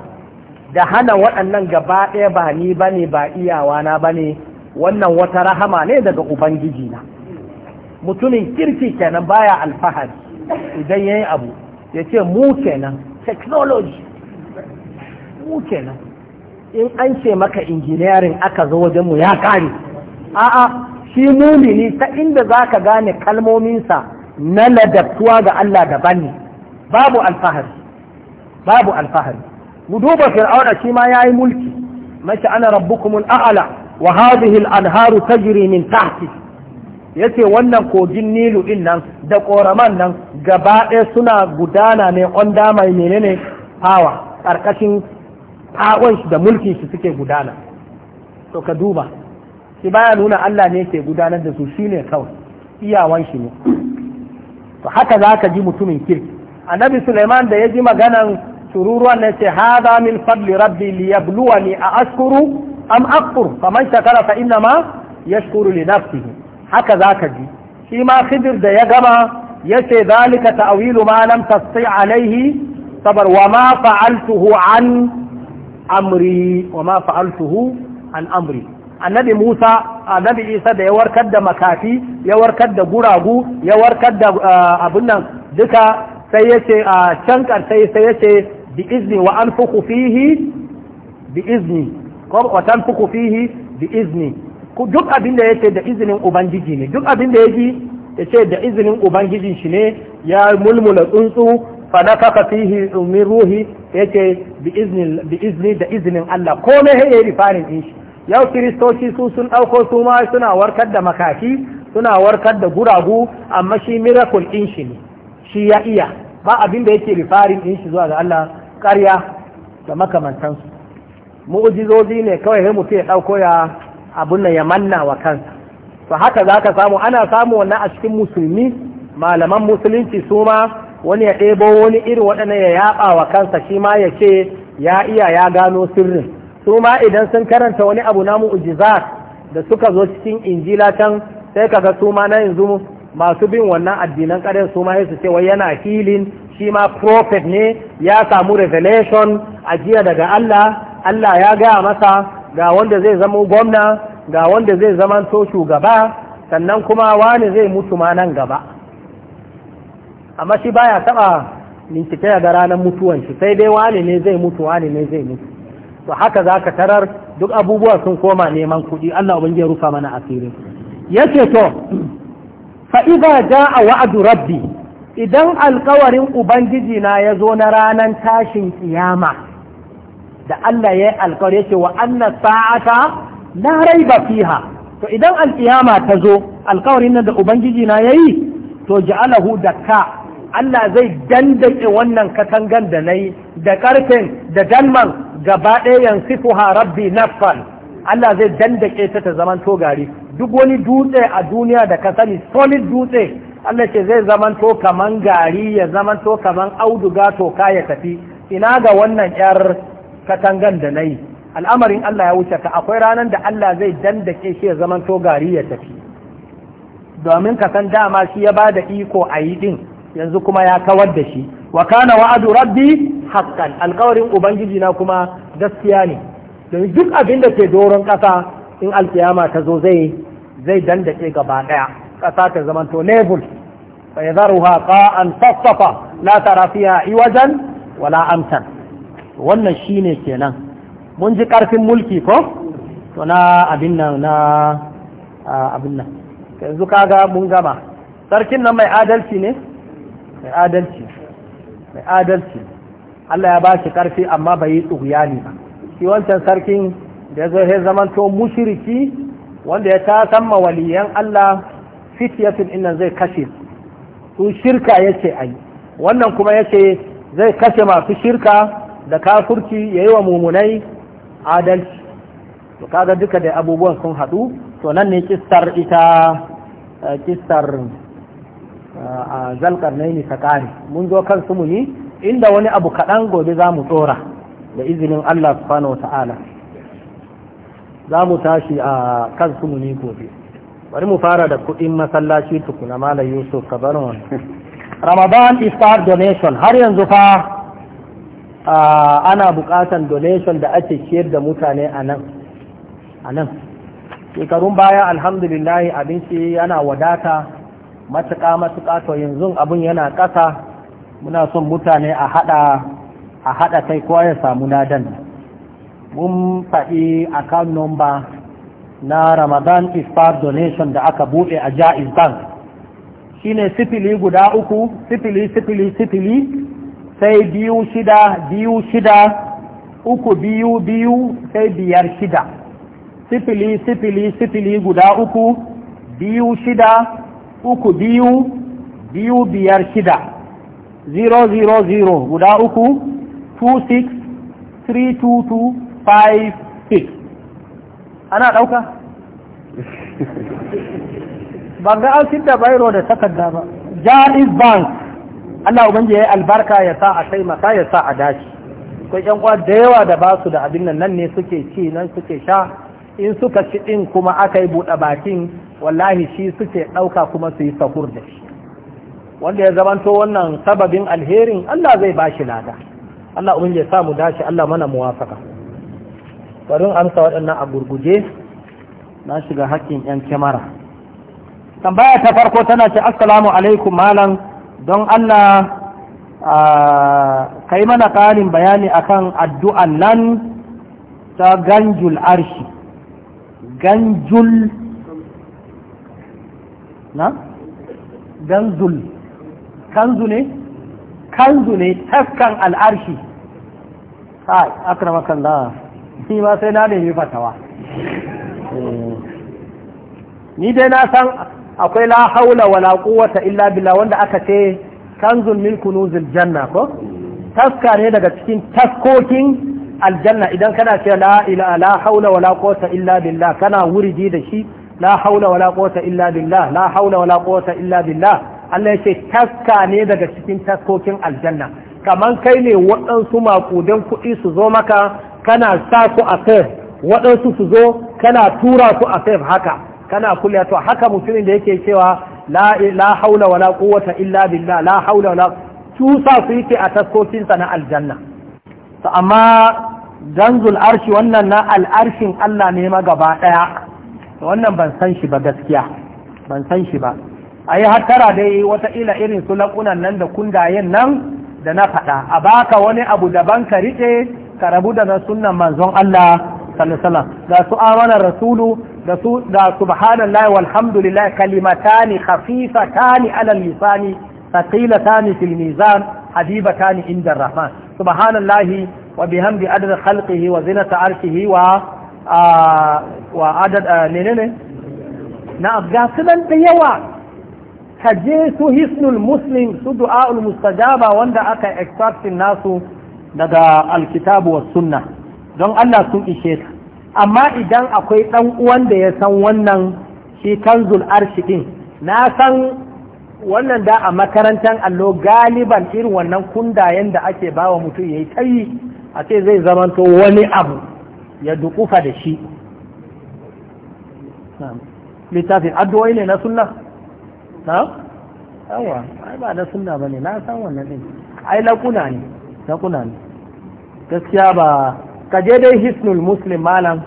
da hana waɗannan gaba ɗaya ba ni ba ne ba iyawana ba ne wannan wata rahama ne daga ubangiji na mutumin kirki kenan baya alfahari idan ya yi abu ya ce mu kenan technology mu kenan in an ce maka injiniyarin aka zo wajenmu ya kare a'a shi mumini ta inda za ka gane kalmominsa na ladabtuwa ga Allah da ne babu alfahari babu alfahari mu duba fir'auna shi ma yayi mulki mace ana rabbukumul a'la wa hadhihi al-anharu tajri min tahti yace wannan kogin nilu din nan da koraman nan gaba ɗaya suna gudana ne onda mai menene hawa karkashin awon shi da mulkin shi suke gudana to ka duba shi baya nuna Allah ne ke gudanar da su shine kawai iyawan shi ne to haka za ka ji mutumin kirki annabi Suleiman da ya ji maganan tururuwan ne ce hada min fadli rabbi ne a askuru am akfur kamar shakara fa inna ma yashkuru li nafsihi haka za ka ji shi ma khidir da ya gama ya ce zalika ta'wilu ma lam tasti alaihi sabar wa ma fa'altuhu an amri wa ma fa'altuhu an amri annabi Musa annabi Isa da ya warkar da makafi ya warkar da guragu ya warkar da uh, abun nan duka sai yace a uh, can karshe sai yace bi izni wa anfuku fihi bi izni ko wa tanfuku fihi bi izni duk abin da yace da izinin ubangiji ne duk abin da yaji yace da izinin ubangiji shi ne ya mulmula tsuntsu fa nafaka fihi min ruhi yace bi izni bi izni da izinin Allah ko me yayi rifarin din shi yau kiristoci su sun ɗauko su ma suna warkar da makaki suna warkar da guragu amma shi miracle ɗin shi ne shi ya iya ba abin da yake rifarin ɗin shi zuwa ga Allah ƙarya da makamantansu mu'ujizozi ne kawai sai mutum ya ɗauko ya abun nan ya manna wa kansa to haka za ka samu ana samu wannan a cikin musulmi malaman musulunci su ma wani ya ɗebo wani irin waɗannan ya yaɓa wa kansa shi ma ya ce ya iya ya gano sirrin su ma idan sun karanta wani abu na mu'jizat da suka zo cikin injila can sai kaga su ma na yanzu masu bin wannan addinan kare su ma su ce wai yana healing shi ma prophet ne ya samu revelation jiya daga Allah Allah ya gaya masa ga wanda zai zama gwamna ga wanda zai zama to shugaba sannan kuma wani zai mutu ma nan gaba amma shi baya taba bincike ga ranar mutuwan shi sai dai wani ne zai mutu wani ne zai mutu to haka za ka tarar duk abubuwa sun koma neman kuɗi Allah ubangiji ya rufa mana asirin yace to fa'iba idza jaa rabbi idan alkawarin ubangiji na ya zo na ranan tashin kiyama da Allah ya yi alkawar yake wa annas sa'ata rai ba fiha to idan alkiyama ta zo alkawarin nan da ubangiji na yayi to ja'alahu dakka Allah zai dandake wannan katangan da nayi da ƙarfin, da dalman gaba ɗaya yansifuha rabbi nafan Allah zai dandake ta ta zamanto gari duk wani dutse a duniya da ka sani solid dutse Allah ce zai zamanto kaman gari ya zamanto kaman auduga toka ya tafi ina ga wannan yar katangan da na yi? al'amarin Allah ya wuce ka akwai ranar da Allah zai dandake shi ya zamanto gari ya tafi domin ka san dama shi ya ba da iko a yi din yanzu kuma ya kawar da shi wa kana wa'adu rabbi haƙƙan alƙawarin ubangiji na kuma gaskiya ne domin duk abin da ke doron ƙasa in alkiyama ta zo zai zai dandace gaba ɗaya ƙasa ta to nebul fa yadharuha qa'an tasfafa la tara fiha iwajan wala amsan wannan shine kenan mun ji ƙarfin mulki ko to na abin nan na abin nan yanzu kaga mun gama sarkin nan mai adalci ne mai adalci mai adalci Allah ya ba shi karfi amma bai yi tsuguyani ba shi wancan sarkin da ya zo ya to mushiriki wanda ya tasan waliyyan Allah fitiyatun innan zai kashe su shirka ya ce ai wannan kuma ya ce zai kashe masu shirka da kafurci yi wa mummunai adalci to kaga duka da abubuwan sun haɗu, to nan ne kistar ita eh, kistar eh, a zalkar yi nisa ƙari, mun zo kan su mu muni inda wani abu kaɗan gobe za mu tsora da izinin Allah subhanahu wa ta'ala za mu tashi a kan su ni gobe bari mu fara da kuɗin masallaci tukuna mala yusuf ka bar wani ramadan iftar donation har yanzu fa ana buƙatan donation da ake ciyar da mutane a nan a nan shekarun baya alhamdulillah abinci yana wadata matuka matuƙa to yanzu abun yana ƙasa muna son mutane a hada a hada kai kowa ya samu nadan mun faɗi account number na ramadan ifar donation da aka buɗe a jaiz bank shine sifili guda uku sifili sifili sifili sai biyu shida biyu shida uku biyu biyu sai biyar shida sifili sifili sifili guda uku biyu shida uku biyu biyu biyar shida zero guda uku six ana ɗauka? ba ga an da bairo da takarda ba jaiz bank Allah ubangiji ya yi albarka ya sa a taimaka ya sa a dace akwai yan kwa da yawa da ba su da abin nan nan ne suke ci nan suke sha in suka ci ɗin kuma aka yi buɗe bakin wallahi shi suke ɗauka kuma su yi sahur da shi wanda ya zamanto wannan sababin alherin Allah zai ba shi lada Allah ubin ya samu dace Allah mana muwafaka barin amsa waɗannan a gurguje na shiga hakkin yan kyamara tambaya ta farko tana ce assalamu alaikum malam don Allah kai mana ƙarin bayani akan addu'an nan ta ganjul arshi ganjul na ganjul kanzu ne kanzu ne taskan al'arshi kai akramakan da shi ma sai na nemi fatawa eh. ni dai na san akwai la haula wala quwwata illa billah wanda aka ce kanzul min kunuzil janna ko taska ne daga cikin taskokin aljanna idan kana ce la ilaha la haula wala quwwata illa billah kana wuridi da shi la haula wala quwwata illa billah la haula wala quwwata illa billah Allah ya ce taska ne daga cikin taskokin aljanna kamar kai ne waɗansu makudan kuɗi su zo maka kana sa ku a kai waɗansu su zo kana tura ku a kai haka kana kulle to haka mutumin da yake cewa la la haula wala quwwata illa billah la haula wala tusa su yake a taskokin sa na aljanna to amma danzul arshi wannan na al'arshin Allah ne ma gaba daya wannan ban san shi ba gaskiya ban san shi ba a yi hattara dai ila irin su laƙunan nan da kundayen nan da na faɗa a baka wani abu daban ka riƙe ka rabu da sunan manzon Allah sallallahu da su Amana rasulu da su da subhanallahi walhamdulillah kalimatani khafifatani ala lisani thaqilatani fil mizan habibatani inda rahman subhanallahi wa bihamdi adad khalqihi wa zinata arshihi wa ah, wa adad ah, menene na ga sunan da yawa ka su hisnul muslim su du'a'ul mustajaba wanda aka extractin nasu daga alkitabu wa sunna don Allah sun ishe ta amma idan akwai dan uwan da ya san wannan shi kanzul arshi na san wannan da a makarantar allo galiban irin wannan kundayen da ake bawa mutum yayi kai a ce zai zamanto wani abu ya dukufa da shi littafin addu'o'i ne na sunna na? yawa ba da suna ba na san wannan ai ne ne gaskiya ba ka je dai hisnul muslim malam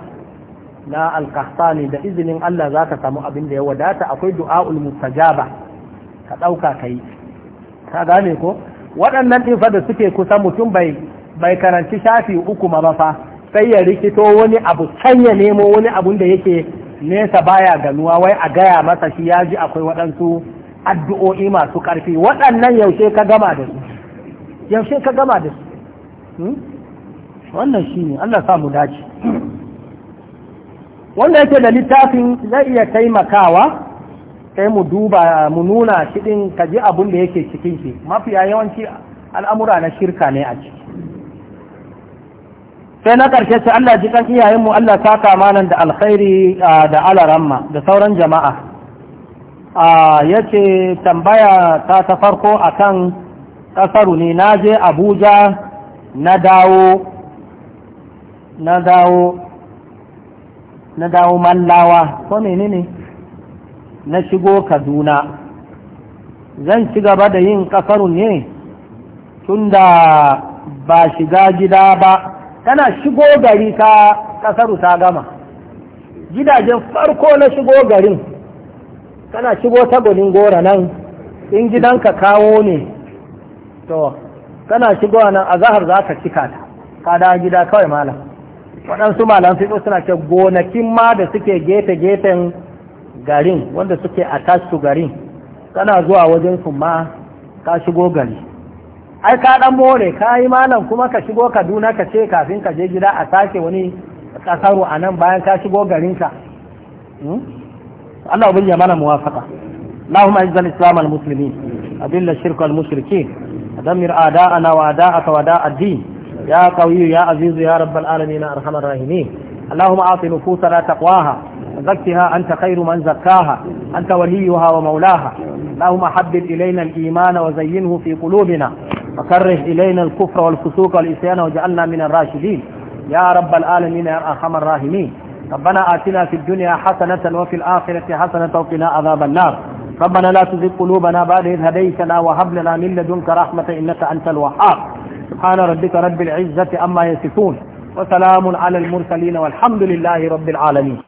na alkahtani da izinin Allah za ka samu abin da ya wadata akwai du'a'ul mustajaba ka ɗauka ka yi ka gane ko waɗannan ɗin fa da suke kusa mutum bai bai karanci shafi uku ma ba fa sai ya rikito wani abu can ya nemo wani abun da yake nesa baya ganuwa wai a gaya masa shi ya ji akwai waɗansu addu'o'i masu ƙarfi waɗannan yaushe ka gama da su yaushe ka gama da su hmm? wannan shi ne Allah samu dace wanda yake da littafin zai iya taimakawa sai mu duba mu nuna shi ɗin ka ji abin da yake cikin shi mafiya yawanci al'amura na shirka ne a ciki sai na ƙarshe sai Allah ji iyayen iyayenmu Allah kama nan da alkhairi da alaramma da sauran jama'a ya ce tambaya ta ta farko a kan ƙasaru ne na je abuja na dawo na dawo na dawo mallawa ko menene na shigo kaduna zan ci gaba da yin ƙasaru ne tun da ba shiga gida ba tana shigo gari ta ƙasaru ta gama gidajen farko na shigo garin tana shigo ta gudun gora nan in gidanka kawo ne to tana shigo nan a zahar za ka cika ta kada gida kawai malam waɗansu malam fito suna ce gonakin ma da suke gefe-gefen garin wanda suke a tashi garin kana zuwa wajen su ma ka shigo gari ai ka dan more ka yi malam kuma ka shigo kaduna ka ce kafin ka je gida a sake wani kasaro a nan bayan ka shigo garinka hmm? Allah ubin ya mana muwafaka Allahumma izzal islam al muslimin adil shirk al mushrikin wa ada'aka wa da'a ad ya qawiyyu ya aziz ya rabbal alamin arhamar rahimin اللهم اعط نفوسنا تقواها وزكها انت خير من زكاها انت وليها ومولاها اللهم حبب الينا الايمان وزينه في قلوبنا وكره إلينا الكفر والفسوق والإسيان واجعلنا من الراشدين يا رب العالمين يا أرحم الراحمين ربنا آتنا في الدنيا حسنة وفي الآخرة حسنة وقنا عذاب النار ربنا لا تزغ قلوبنا بعد إذ هديتنا وهب لنا من لدنك رحمة إنك أنت الوهاب سبحان ربك رب العزة أما يصفون وسلام على المرسلين والحمد لله رب العالمين